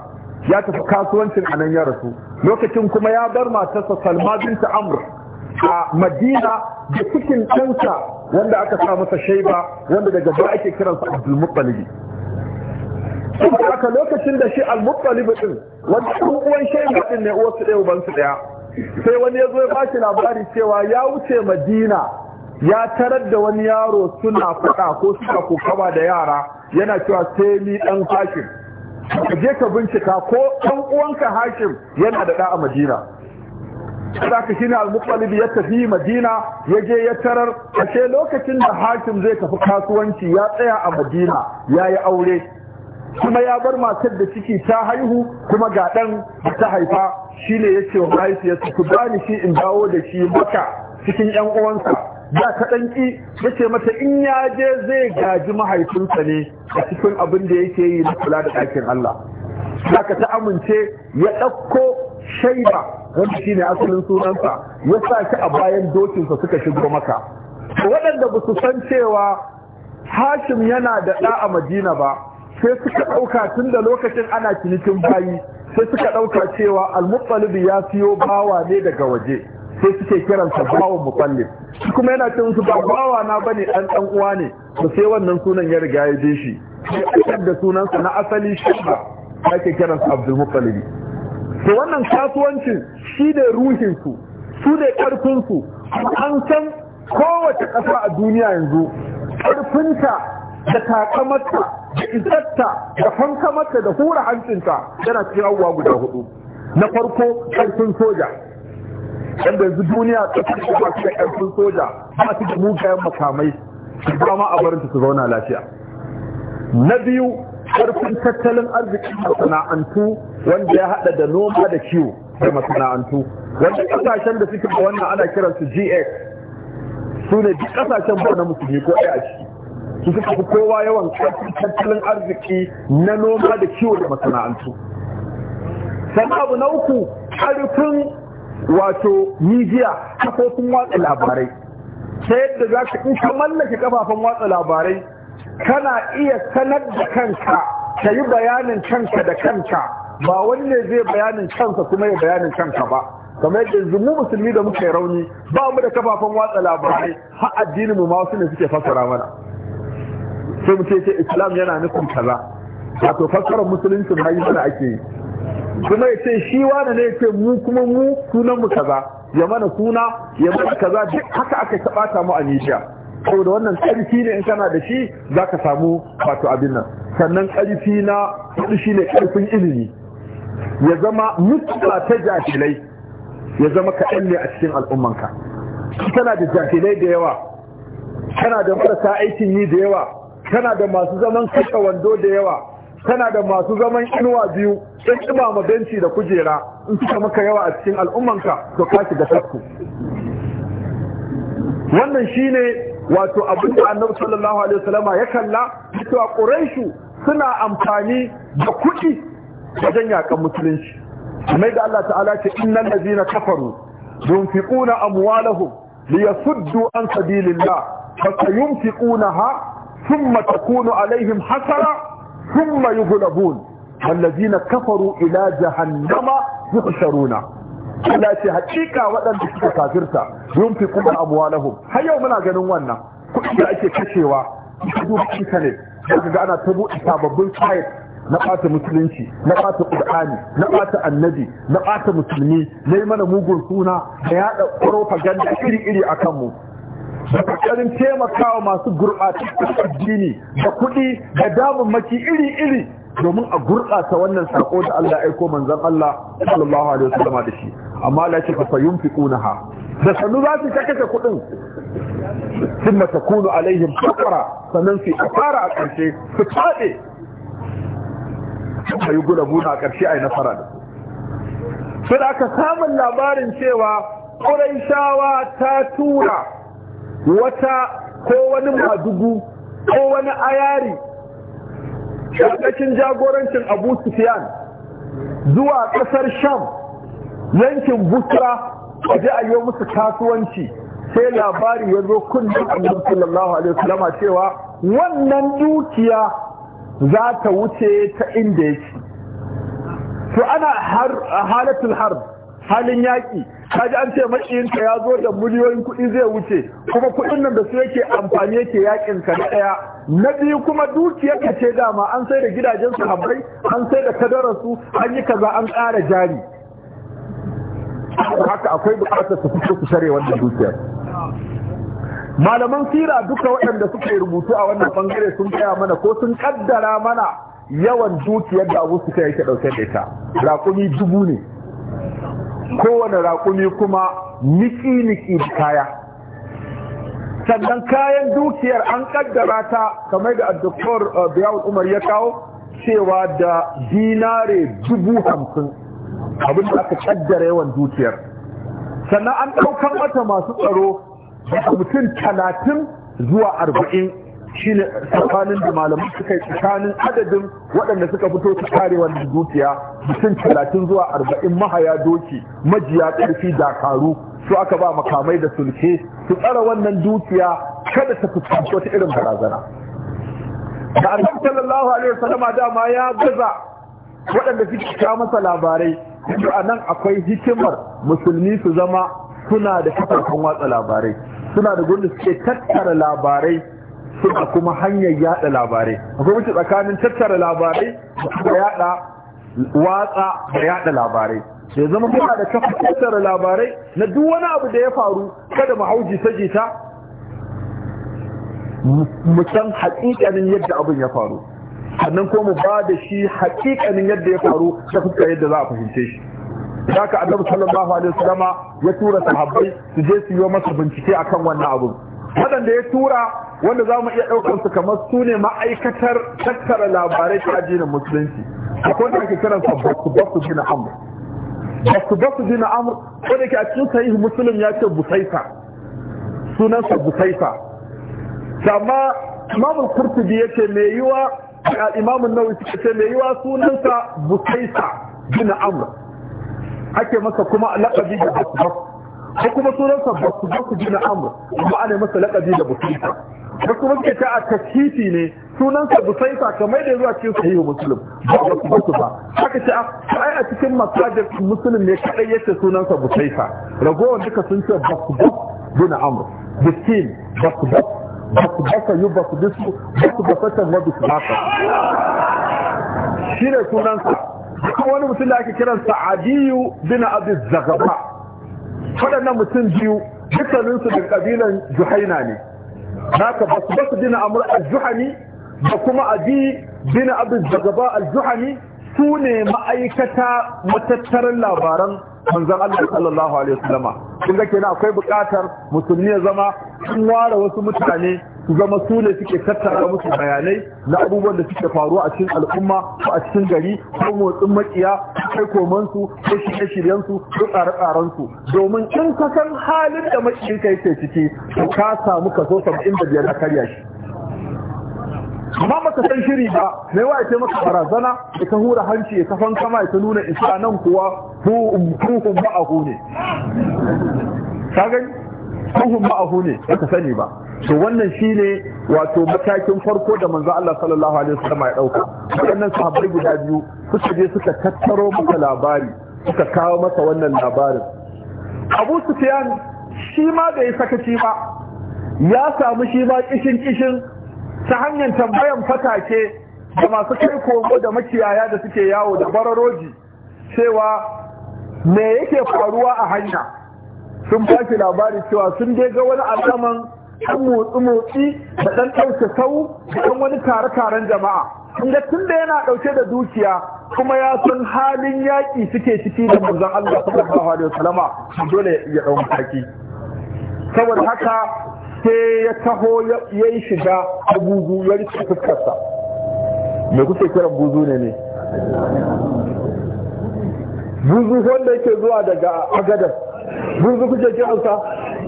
ya tafi kasuwancin anan ya rasu lokacin kuma ya bar matarsa Salma binta Amr a madina da cikin ɗansa wanda aka sa masa shaiba wanda daga ba ake kiransa abdulmuttalibi saboda aka lokacin da shi almuttalibi din wanda ɗan uwan shaiba din ne uwarsu ɗaya ubansu ɗaya sai wani ya zo ya ba shi labari cewa ya wuce madina ya tarar da wani yaro suna faɗa ko suna kokawa da yara yana cewa sai ni ɗan hashim ka je ka bincika ko ɗan uwanka hashim yana da ɗa a madina saka shine al-muqallib ya tafi madina ya je ya tarar ashe lokacin da hakim zai tafi kasuwanci ya tsaya a madina ya yi aure kuma ya bar matar da ciki ta haihu kuma ga ɗan ta haifa shine ya ce wa mahaifiyarsa ku bani shi in dawo da shi maka cikin yan uwansa da ka danki ya ce mata in ya je zai gaji mahaifinsa ne a cikin abin da yake yi na kula da ɗakin Allah. saka ta amince ya ɗauko shaida wanda ne asalin sunansa ya sa shi a bayan dokinsa suka shigo maka waɗanda ba su san cewa hashim yana da ɗa a madina ba sai suka ɗauka tun da lokacin ana cinikin bayi sai suka ɗauka cewa almutsalib ya siyo bawa ne daga waje sai suke kiransa bawan mutsalib shi kuma yana cin su ba bawa na bane ɗan ɗan uwa ne to sai wannan sunan ya riga ya je shi sai da sunansa na asali shi ba ake kiransa abdul to wannan kasuwancin shi da ruhinsu su ne ƙarfinsu an san kowace ƙasa a duniya yanzu ƙarfinta da takamata da izarta da hankamata da hura hancinta yana cikin abubuwa guda hudu na farko ƙarfin soja yadda yanzu duniya ta fi da ƙarfin soja ba su da mugayen makamai ba ma a barinta su zauna lafiya na biyu karfin tattalin arzikin masana'antu wanda ya hada da noma da kiwo da masana'antu wanda kasashen da suke da wannan ana kiransu gx su ne duk kasashen ba na musulmi ko ɗaya a ciki su suka fi kowa yawan karfin tattalin arziki na noma da kiwo da masana'antu sannan abu na uku karfin wato media kafofin watsa labarai ta yadda za ka in ka mallake kafafen watsa labarai kana iya sanar da kanka ka yi bayanin kanka da kanka ba wanne zai bayanin kanka kuma ya bayanin kanka ba kamar yadda yanzu mu musulmi da muka yi rauni ba mu da kafafen watsa labarai har addinin mu ma wasu ne suke fassara mana sai mu ce islam yana nufin kaza wato fassarar musulunci ma yi mana ake yi kuma ya ce shi wani ne ce mu kuma mu sunan mu kaza ya mana suna ya mana kaza duk haka aka taɓata mu a nishiya saboda wannan karfi ne in kana da shi za ka samu wato abin nan sannan karfi na hudu shi ne karfin ilimi ya zama mutuwa ta jahilai ya zama kaɗan ne a cikin al'ummanka kana da jahilai da yawa kana da marasa aikin yi da yawa kana da masu zaman kashe wando da yawa kana da masu zaman inuwa biyu ɗan ɗumama benci da kujera in suka maka yawa a cikin al'ummanka to ka shiga tasku wannan shine wato abin da annabi sallallahu alaihi wasallama ya kalla cewa quraishu suna amfani da kuɗi wajen yakan musulunci kamar da Allah ta'ala ce innal ladina kafaru yunfiquna amwalahum liyasuddu an sabilillah fasayunfiqunaha thumma takunu alaihim hasara thumma yughlabun والذين كفروا إلى جهنم يحشرون Allah ce hakika waɗanda suka kafirta na hu? har yau muna ganin wannan kuɗi da ake kashewa su duba ne, zaka ga ana ta buɗe sababbin kayan na ɓata musulunci na ɓata ƙur'ani na ɓata annabi na ɓata musulmi na yi mana mugun suna da yaɗa propaganda iri-iri a kanmu da ƙoƙarin taimakawa masu gurɓatattun addini da kuɗi da damammaki iri-iri domin a gurɗata wannan sako da Allah aiko manzon Allah sallallahu alaihi wasallam da shi amma Allah ce fa sayunfiqunaha da sanu za su kashe kuɗin thumma takunu alaihim safara sannan su fara a ƙarshe su tade a yi gula buna a ƙarshe a yi nasara da su da aka samun labarin cewa ƙuraishawa ta tura wata ko wani madugu ko wani ayari ƙarƙashin jagorancin abu sufyan zuwa ƙasar sham yankin busra ji a yi musu kasuwanci sai labari ya zo kullum annabi sallallahu alaihi wasallama cewa wannan dukiya za ta wuce ta inda yake to ana halatul harb halin yaƙi kaji an ce ta ya zo da miliyoyin kuɗi zai wuce kuma kuɗin nan da su yake amfani yake yaƙin ka ɗaya na biyu kuma ka ce dama an sai da gidajen su an sai da su an yi kaza an ƙara jari haka akwai buƙatar su fito su share wannan dukiyar malaman sira duka waɗanda suka yi rubutu a wannan bangare sun gaya mana ko sun kaddara mana yawan dukiyar da abu suka yake ɗauke da ita raƙumi dubu ne kowane raƙumi kuma niki-niki da kaya sannan kayan dukiyar an kaddara ta kamar da addoktor eh, biyawun umar ya kawo cewa da dinare dubu hamsin abin aka kaddara yawan dukiyar sannan an ɗaukar mata masu tsaro da mutum talatin zuwa arba'in shine tsakanin da malamai suka yi tsakanin adadin waɗanda suka fito su kare wannan dukiya mutum talatin zuwa arba'in mahaya doki majiya ƙarfi dakaru su aka ba makamai da sulke su tsara wannan dukiya kada ta fuskanci wata irin barazana da annabi sallallahu alaihi wasallam dama ya gaza waɗanda suke kawo masa labarai a anan akwai hikimar musulmi su zama suna da kafafen watsa labarai suna da gurin suke tattara labarai suna kuma hanyar yada labarai akwai wuce tsakanin tattara labarai da yada watsa da yada labarai da zama muna da kafa tattara labarai na duk wani abu da ya faru kada mu hauji saji ta mu san hakikanin yadda abin ya faru sannan ko mu ba da shi hakikanin yadda ya faru ta fuska yadda za a fahimce shi haka annabi sallallahu alaihi wasallama ya tura sahabbai su je su yi masa bincike akan wannan abin waɗanda ya tura wanda za mu iya ɗaukar su kamar su ne ma'aikatar tattara labarai ta addinin musulunci akwai da ake kiran sa basu basu bin amr basu basu bin amr ko da ke a cikin sahih musulun ya ce busaisa sunan sa busaisa amma imam kurtubi yace mai yiwa al-imam an-nawawi ce mai yiwa sunan sa busaisa bin amr ake masa kuma laqabi da basu ko kuma sunansa baku ji na amur amma ne masa laƙabi da busaisa da kuma suke ta a takifi ne sunansa sa kamar da zuwa cikin sahihu musulun ba baku baku ba haka ce ai a cikin masajin musulun ne kaɗai yace sunansa sa. ragowar duka sun ce baku baku na amur bisin baku baku baku baka yi baku bisu baku basatan wa bisu baka shi ne sunansa duk wani mutum da ake kiransa adiyu bin abin zagaba waɗannan mutum biyu dukkaninsu da ƙabilan juhaina ne naka ba su basu dina amur al da kuma abi dina abin zagaba al-juhani su ne ma'aikata matattarar labaran manzon Allah sallallahu alaihi wasallama kun kenan akwai bukatar musulmi ya zama sun ware wasu mutane su zama su ne suke tattara musu bayanai na abubuwan da suke faruwa a cikin al'umma ko a cikin gari ko motsin makiya kai komansu ko shirye-shiryensu ko tsare-tsarensu domin in ka san halin da makiyinka yake ciki to ka samu kaso 75 na karya shi amma baka san shiri ba mai wa ce maka barazana ya ta hura hanci ya ta fankama ya ta nuna isa nan kuwa huhun um, ba'ahu ne ta gani huhun ba'ahu ne baka sani ba to wannan shi ne wato matakin farko da manzo Allah sallallahu alaihi wasallam ya dauka wannan sahabbai guda biyu suka je suka tattaro masa labari suka kawo masa wannan labarin Abu Sufyan shi ma bai sakaci ba ya samu shi ma kishin kishin ta hanyar tambayan fatake da masu kai komo da makiyaya da suke yawo da bararoji cewa me yake faruwa a hanya sun ba shi labari cewa sun dai ga wani alaman an motsi motsi da ɗan ɗauke sau da wani tare-taren jama'a inda tun da yana ɗauke da dukiya kuma ya san halin yaƙi suke ciki da manzon Allah sallallahu alaihi wasallama dole ya ɗau mataki saboda haka sai ya taho ya yi shiga a buzu ya rike fuskarsa me kuke kiran buzu ne ne buzu wanda yake zuwa daga agadar buzu kuke kiransa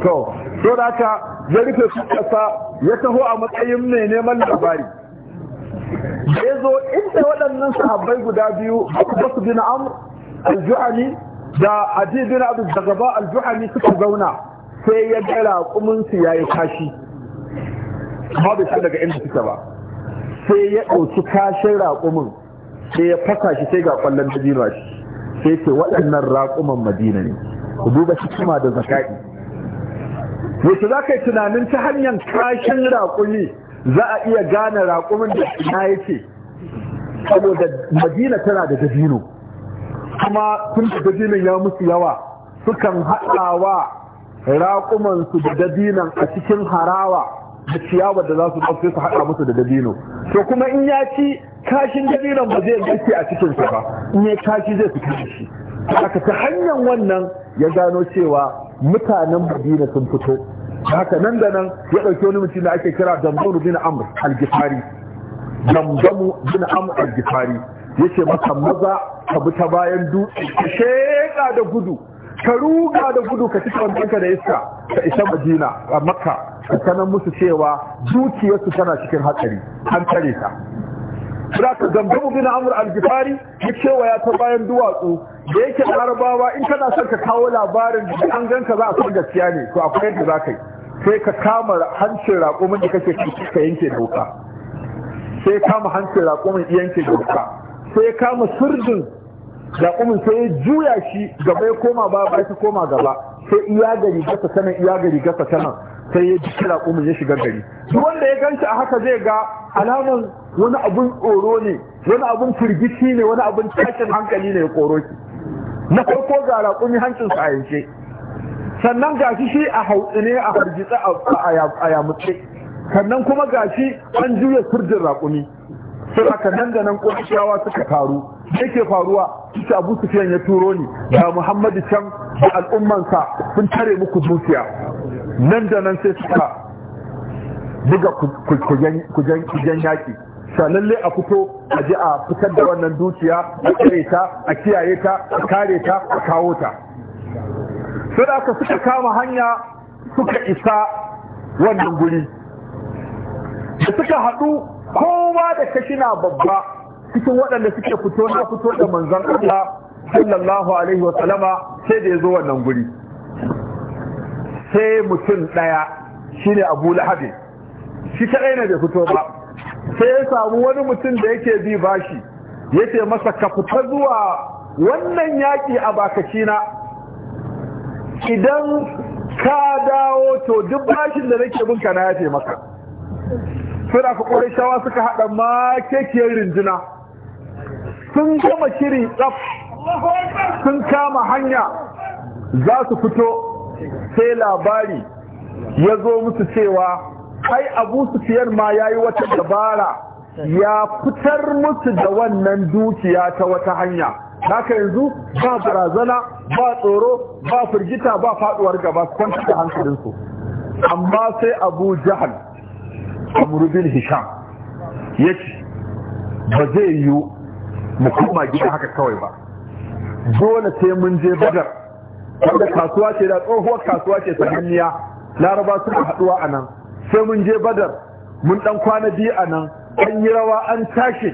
to to da ka ya rufe fuskarsa ya taho a matsayin mai neman labari da ya zo inda waɗannan sahabbai guda biyu abu su bin amr aljuhani da adi bin abu zagaba aljuhani suka zauna sai ya ga raƙuminsu ya yi kashi ba bai san daga inda suka ba sai ya ɗauki kashin raƙumin sai ya fasa shi sai ga ƙwallon dabino shi sai ce waɗannan raƙuman madina ne ku duba shi kuma da zakaɗi wato za ka yi tunanin ta hanyar kashin raƙumi za a iya gane raƙumin da ina yake saboda madina tana da dabino kuma tun da dabinin ya musu yawa sukan haɗawa raƙumansu da dabinan a cikin harawa da ciyawa da za su ɗauke su haɗa musu da dabino to kuma in ya ci kashin dabinan ba zai ɗauke a cikin ba in ya kashi zai fita da shi haka ta hanyar wannan ya gano cewa mutanen madina sun fito haka nan da nan ya ɗauki wani mutum da ake kira damdamu bin amr al-gifari damdamu bin amr al-gifari yace masa maza ka bi ta bayan dutse ka sheka da gudu ka ruga da gudu ka ci wandanka da iska ka isa madina a makka ka sanar musu cewa dukiyarsu tana cikin hatsari an tare ta Sura ka gamgamu bin Amr al-Gifari ya ya ta bayan duwatsu da yake larabawa in kana son ka kawo labarin da an ganka za a san gaskiya ne to akwai yadda za ka yi sai ka kama hancin raƙumin da kake ka yanke doka sai kama hancin raƙumin yanke doka sai kama surdin raƙumin sai ya juya shi gaba ya koma ba ba ta koma gaba sai iya gari gasa sanan iya gari gasa sanan sai ya ji raƙumin ya shiga gari duk wanda ya ganci a haka zai ga alaman wani abun tsoro ne wani abun firgici ne wani abun tashin hankali ne ya koro shi na farko ga raƙumi hancinsa a yanke sannan ga shi shi a hautsi ne a hargitsa a yamutse sannan kuma ga shi an juya surdin raƙumi sai aka nan da nan ƙunshiyawa suka taru yake faruwa shi abu sufiyan ya turo ni ga muhammadu can da al'ummansa sun tare muku dukiya. nan da nan sai suka buga kujen yaki lalle a fito a ji a fitar da wannan dukiya a tsare ta a kiyaye ta a kare ta a kawo ta sai da aka suka kama hanya suka isa wannan guri da suka haɗu kowa da kashina babba cikin waɗanda suke fito na fito da manzon Allah sallallahu alaihi wa sallama sai da ya zo wannan guri sai mutum ɗaya shine Abu Lahab shi ta ne bai fito ba sai ya samu wani mutum da yake bi bashi yace masa ka fita zuwa wannan yaƙi a na. idan ka dawo to duk bashin da nake binka na yafe maka suna fi shawa suka haɗa makekiyar rinjina sun gama shiri tsaf sun kama hanya za su fito sai labari ya zo musu cewa kai abu su sufiyar ma ya yi wata dabara ya fitar musu da wannan dukiya ta wata hanya haka yanzu ba barazana ba tsoro ba firgita ba faduwar gaba kwanta da hankalinsu amma sai abu jihar amurbin hisham ya ce ba zai yiwu mu koma gida haka kawai ba dole sai mun je badar wanda kasuwa ce da tsohuwar kasuwa ce ta sananniya laraba suka haduwa a nan sai mun je badar mun dan kwana biyu a nan an yi rawa an tashi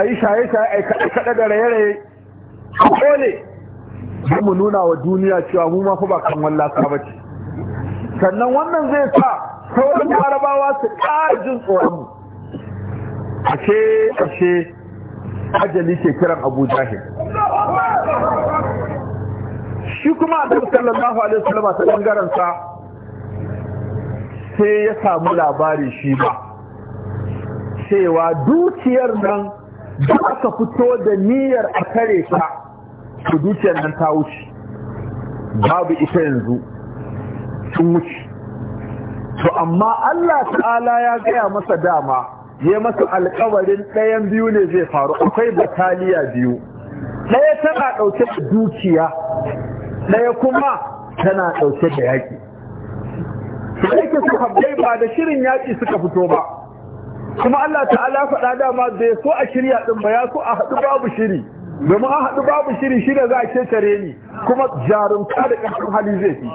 a yi shaye-shaye a yi kaɗe-kaɗe da raye-raye a kone don mu nuna wa duniya cewa mu ma fa ba kan ba ce sannan wannan zai sa sauran larabawa su ƙara jin tsoron mu ashe ashe ajali ke kiran abu jahil shi kuma annabi sallallahu alaihi wasallam ta bangaren sa sai ya samu labari shi ba cewa dukiyar nan da aka fito da niyyar a kare ta su dukiyar nan ta wuce babu ita yanzu sun wuce to amma Allah ta'ala ya gaya masa dama ya masa alkawarin ɗayan biyu ne zai faru akwai bataliya biyu ɗaya tana ɗauke da dukiya ɗaya kuma tana ɗauke da yaƙi su ɗauke su bai ba da shirin yaƙi suka fito ba kuma Allah ta'ala faɗa dama bai so a shirya ɗin ba ya so a haɗu babu shiri domin a haɗu babu shiri shi da za a tare ni kuma jarumta da ƙarfin hali zai fi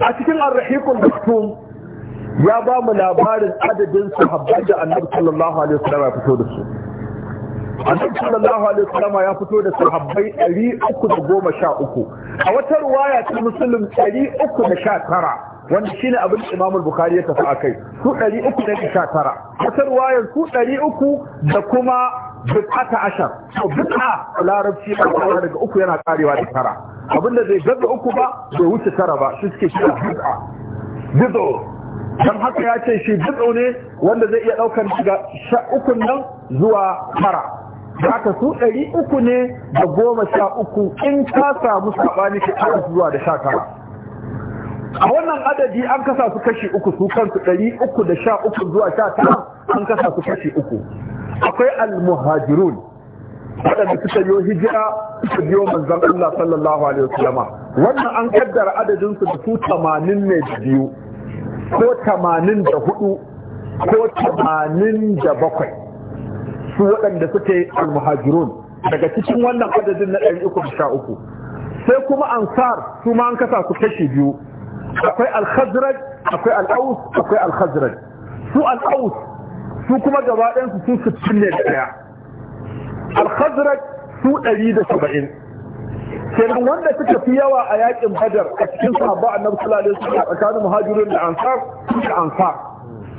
a cikin arrahikun daktum ya ba mu labarin adadin sahabbai da annabi sallallahu alaihi wasallam ya fito da su annabi sallallahu alaihi wasallam ya fito da sahabbai 313 a wata riwaya ta muslim 319 wanda shine abin Imam al-Bukhari ya tafi akai su 319 wata riwayar su 300 da kuma bid'ata ashar to bid'a larabci ba kuma daga uku yana karewa da tara abinda zai gaza uku ba bai wuce tara ba shi suke shi bid'a bid'a don haka ya ce shi dutso ne wanda zai iya daukar daga sha ukun nan zuwa tara da aka su ɗari uku ne da goma sha uku in ka samu saɓani shi tara zuwa da sha tara a wannan adadi an kasa su kashi uku su kansu ɗari uku da sha uku zuwa sha tara an kasa su kashi uku akwai almuhajirun waɗanda suka yi hijira suka biyo manzon Allah sallallahu alaihi wasallama wannan an kaddara adadin su da su tamanin ne da biyu ko tamanin da hudu ko tamanin da bakwai su waɗanda suke almuhajirun daga cikin wannan adadin na ɗari uku sha uku sai kuma ansar su ma an kasa su kashe biyu akwai alhazraj akwai al'aus akwai alhazraj su al'aus su kuma gabaɗansu su sittin da ɗaya alhazraj su ɗari da saba'in kenan wanda suka fi yawa a yakin badar a cikin sahabba annabi sallallahu alaihi wasallam tsakanin muhajirin da ansar suka ansar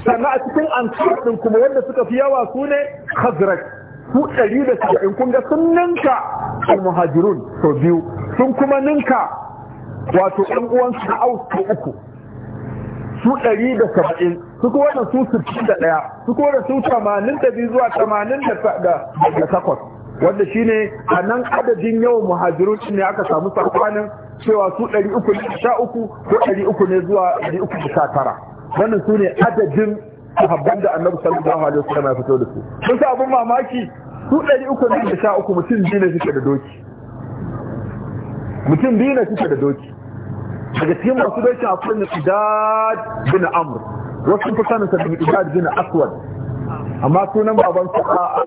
sannan a cikin ansar din kuma wanda suka fi yawa su ne khazraj su 170 kun ga sun ninka muhajirun sau biyu sun kuma ninka wato ɗan uwansu au aus uku su ɗari da saba'in su kuma da su sittin da ɗaya su kuma su tamanin da biyu zuwa tamanin da takwas wanda shine a nan adadin yawan muhajirun ne aka samu sabanin cewa su 313 ko 300 ne zuwa 319 wannan su ne adadin sahabban da annabi sallallahu alaihi wasallam ya fito da su sun sa abin mamaki su 313 mutum biyu ne suke da doki mutum biyu ne suke da doki daga cikin masu doki akwai ne Idad bin Amr wasu kusa ne sabbin Idad bin Aswad amma sunan baban a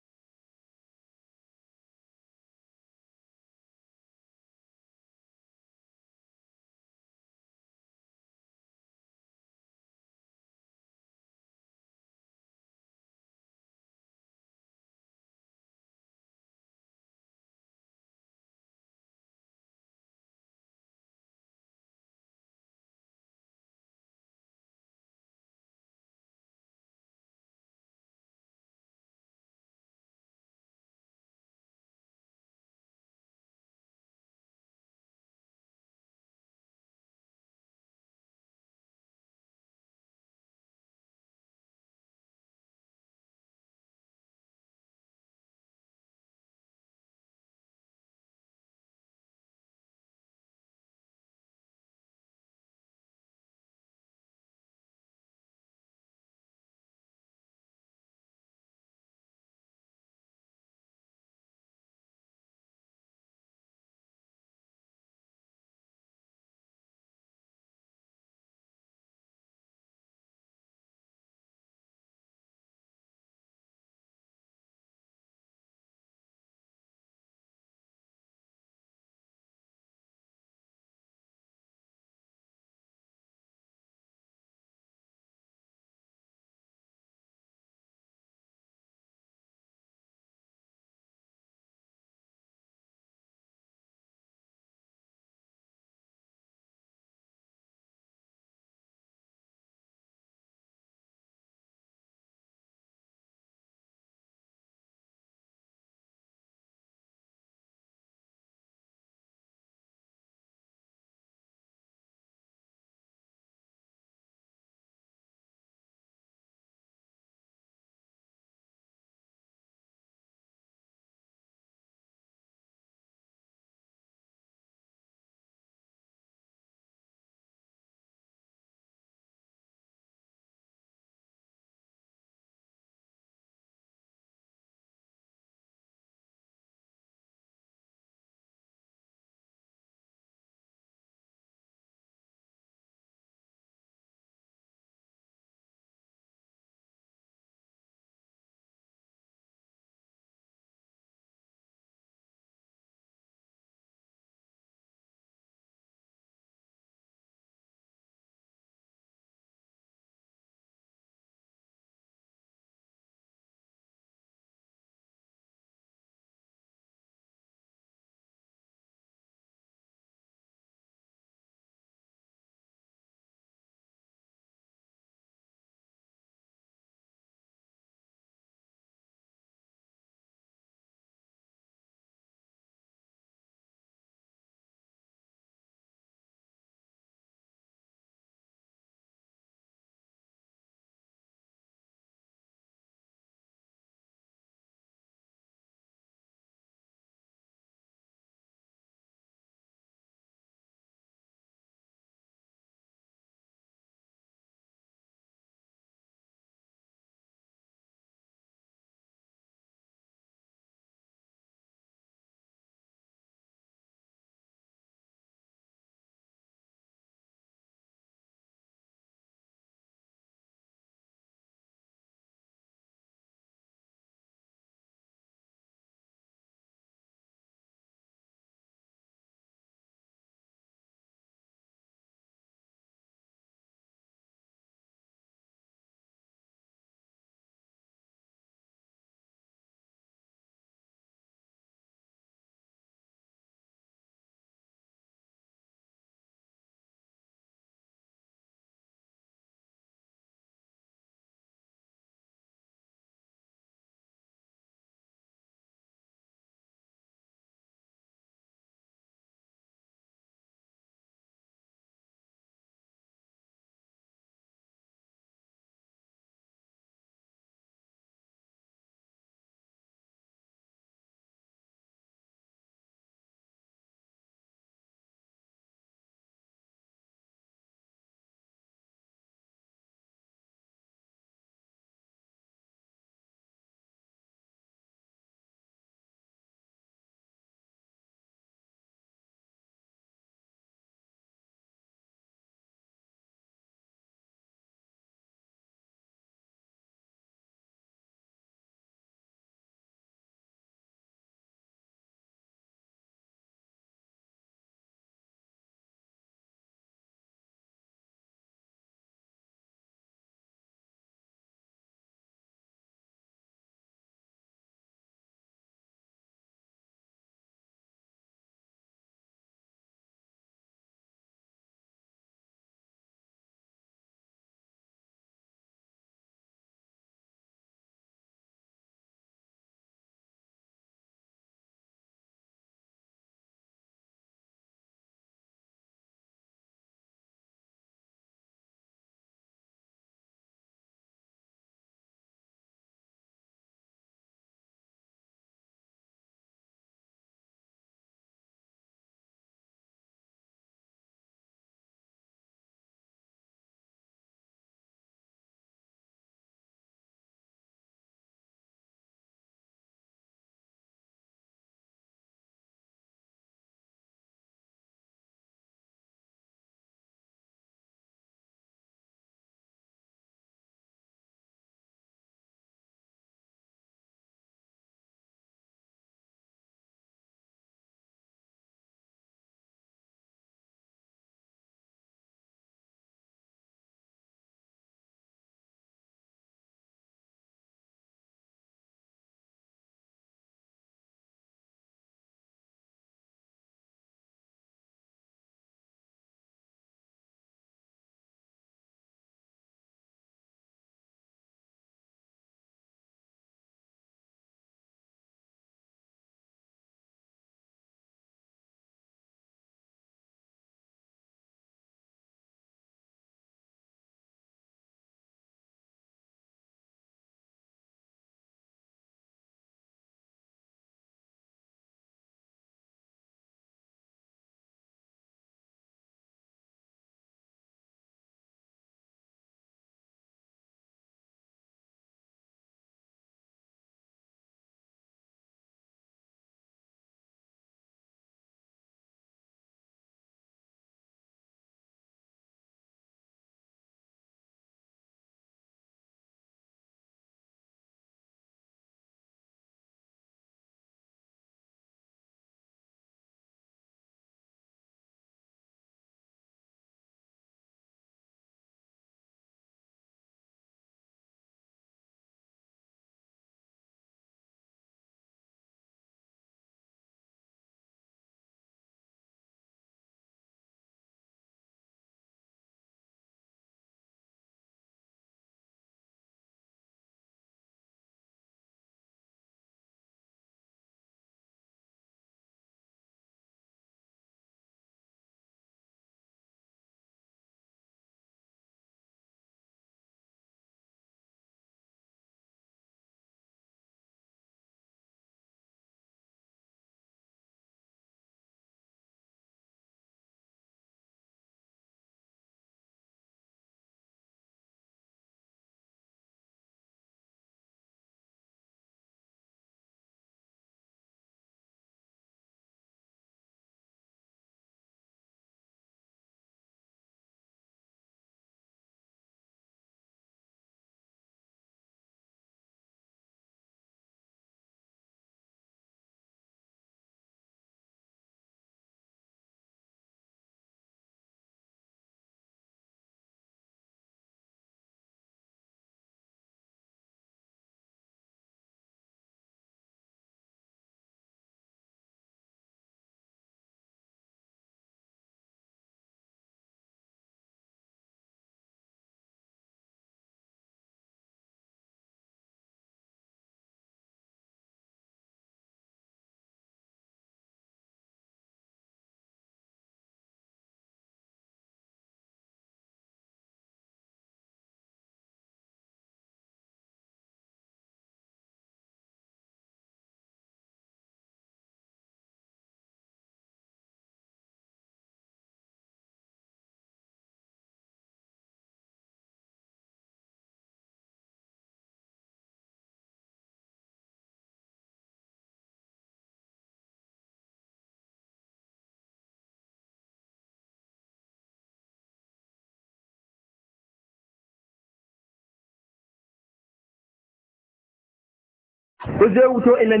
ko zai wuto inan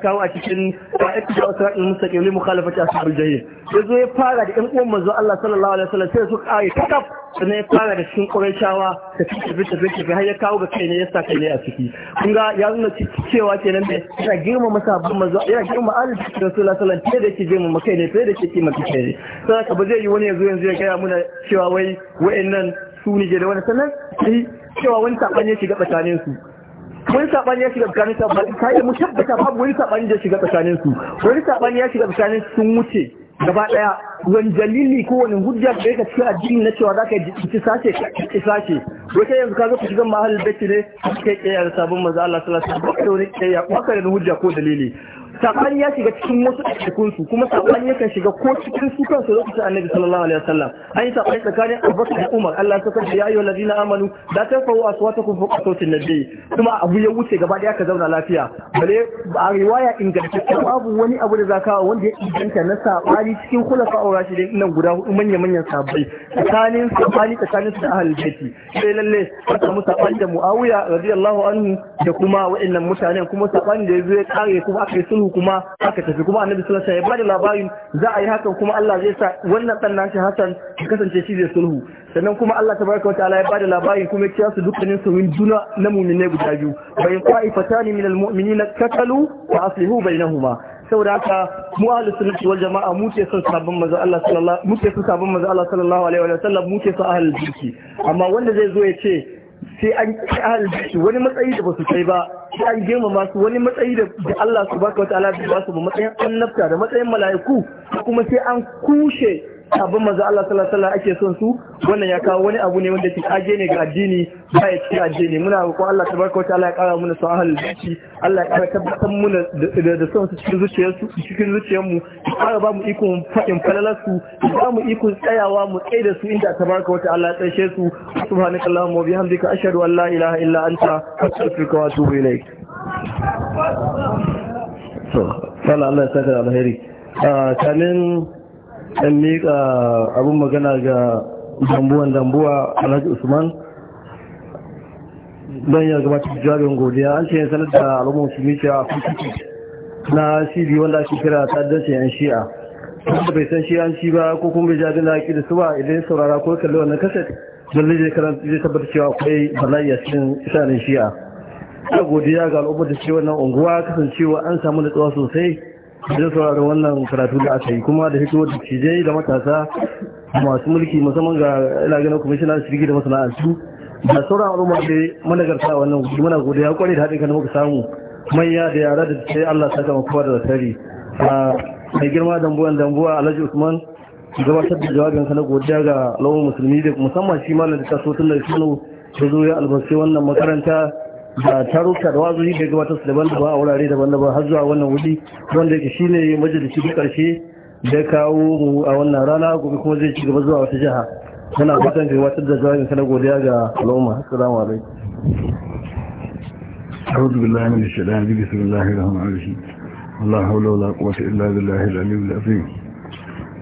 kawo a cikin ra'ayi da wasu ra'ayin mustaƙi ne mukhalafat ashabul jahil ya zo ya fara da ƴan uwan manzo Allah sallallahu alaihi wasallam sai su kare kakaf sannan ya fara da cikin ƙurayshawa da tafi tafi tafi har ya kawo ga kai ne ya sa kai ne a ciki kun ga ya nuna cewa kenan da yana girmama sabbin manzo yana girmama alin da rasulullah sallallahu alaihi wasallam fiye da yake girmama kai ne fiye da yake kima kai ne saboda ba zai yi wani yanzu yanzu ya gaya muna cewa wai wa'annan su ne da wani sannan sai cewa wani saɓani ya shiga tsakaninsu wani sabani ya shiga tsakanin su sabani kai mu tabbata babu wani sabani da shiga tsakanin su wani sabani ya shiga tsakanin sun wuce gaba daya wani dalili ko wani hujja da yake cikin addini na cewa zaka ji ci sace ci sace wata yanzu ka zo ku shiga mahallin bacci ne kai kai ya sabon manzo Allah sallallahu alaihi wasallam ba ka wani kai ya ba da hujja ko dalili sabani ya shiga cikin wasu ɗaiɗaikun su kuma sabani yakan shiga ko cikin su su lokacin annabi sallallahu alaihi wasallam an yi sabani tsakanin abubakar da umar allah ya sakar da ya ayyuhal ladina amanu la tarfa'u aswatakum fawqa sawti nabi kuma abu ya wuce gaba daya ka zauna lafiya bale a riwaya ingantacce babu wani abu da za zaka wanda ya inganta na sabani cikin khulafa shi da nan guda hudu manya manyan sabai tsakanin sabani tsakanin su da ahal beti sai lalle a samu sabani da mu'awuya radiyallahu anhu da kuma wa'annan mutanen kuma sabani da ya zo ya kare kuma aka yi sulhu uku kuma aka tafi kuma annabi sallallahu alaihi wasallam ya bada labarin za a yi hakan kuma Allah zai sa wannan dan nashi Hassan ya kasance shi zai sulhu sannan kuma Allah tabaraka wa ta'ala ya bada labarin kuma ya su dukkanin sauyin juna na mu'minai guda biyu bayin qa'ifatani minal mu'minina katalu fa aslihu bainahuma saboda haka mu ahlus sunnati wal jama'a mu ce son sabon manzo Allah sallallahu mu ce son sabon manzo Allah sallallahu alaihi wa sallam mu ce son ahlul amma wanda zai zo ya ce sai an ahlul wani matsayi da basu kai ba sai an girmama su wani matsayi da Allah baka wata ala da ba su matsayin annabta da matsayin mala'iku kuma sai an kushe abin manzo Allah sallallahu alaihi ake son su wannan ya kawo wani abu ne wanda ke aje ne ga addini ba ya cikin addini muna roƙon Allah tabaraka wa ta'ala ya ƙara mana su ahlul baiti Allah ya ƙara tabbatar mana da son su cikin zuciyar su cikin zuciyar mu ya ƙara ba mu ikon fadin falalar su ba mu ikon tsayawa mu tsaye da su inda tabaraka wa ta'ala ya tsaye su subhanakallahumma wa bihamdika ashhadu an la ilaha illa anta astaghfiruka wa atubu ilaik so Allah ya saka alheri ah, kanin dan miƙa abin magana ga dambuwan dambuwa alhaji usman don ya gabatar jarin godiya an ce ya sanar da al'ummar musulmi cewa a na cibi wanda ake kira ta dace yan shi'a wanda bai san shi shi ba ko kuma bai jaɗin da ake da su ba idan saurara ko kalli wannan kaset lalle lije karanta zai tabbata cewa akwai bala'i a cikin isanin shi'a ina godiya ga al'ummar da ke wannan unguwa kasancewa an samu tsawa sosai da sauraron wannan karatu da aka yi kuma da hikimar da cijai da matasa masu mulki musamman ga ina ganin kwamishinan shirgi da masana'antu da sauran al'umma da managarta wannan gudu muna godiya kware da haɗin kan muka samu manya da yara da sai Allah saka mu kowa da lasari mai girma dambuwan dambuwa Alhaji Usman gabatar da jawabin kana godiya ga al'umma musulmi da musamman shi malam da taso tun da Kano ya zo ya albarce wannan makaranta da taruka da wazoyi daga wata su daban-daban a wurare daban-daban har zuwa wannan wuri wanda yake shi ne majalisi na ƙarshe da kawo mu a wannan rana gobe kuma zai ci gaba zuwa wata jiha muna fatan kai wata da jawabin kana godiya ga al'umma assalamu alaikum أعوذ بالله من الشيطان بسم الله الرحمن الرحيم الله حول ولا قوة إلا بالله العلي العظيم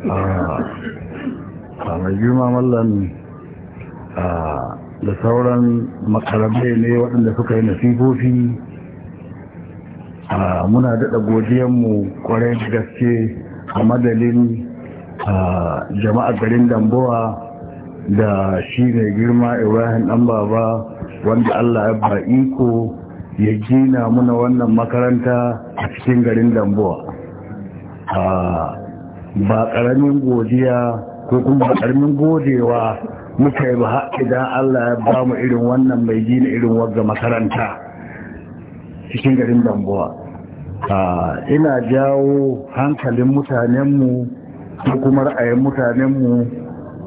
آه آه ما يجمع ملن آه da sauran makaramai ne waɗanda suka yi nasifofi ah, muna daɗa godiyanmu ƙwarai da gaske a madalin ah, jama'a garin damboa da shi ne girma ibrahim ɗan baba wanda allah ya ba iko ya gina muna wannan makaranta a cikin garin damboa ah, ba ƙaramin godiya ko kuma ƙaramin godewa muka yi ba idan Allah ya ba mu irin wannan mai gina irin wadda makaranta cikin garin damboa ina jawo hankalin mutanenmu ko kuma ra'ayin mutanenmu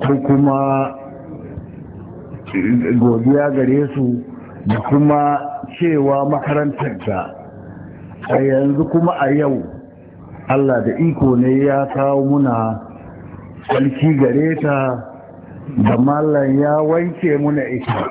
ko kuma godiya gare su da kuma cewa makarantar ta a yanzu kuma a yau Allah da iko ne ya kawo muna tsarki gare ta da mallan ya wanke muna ita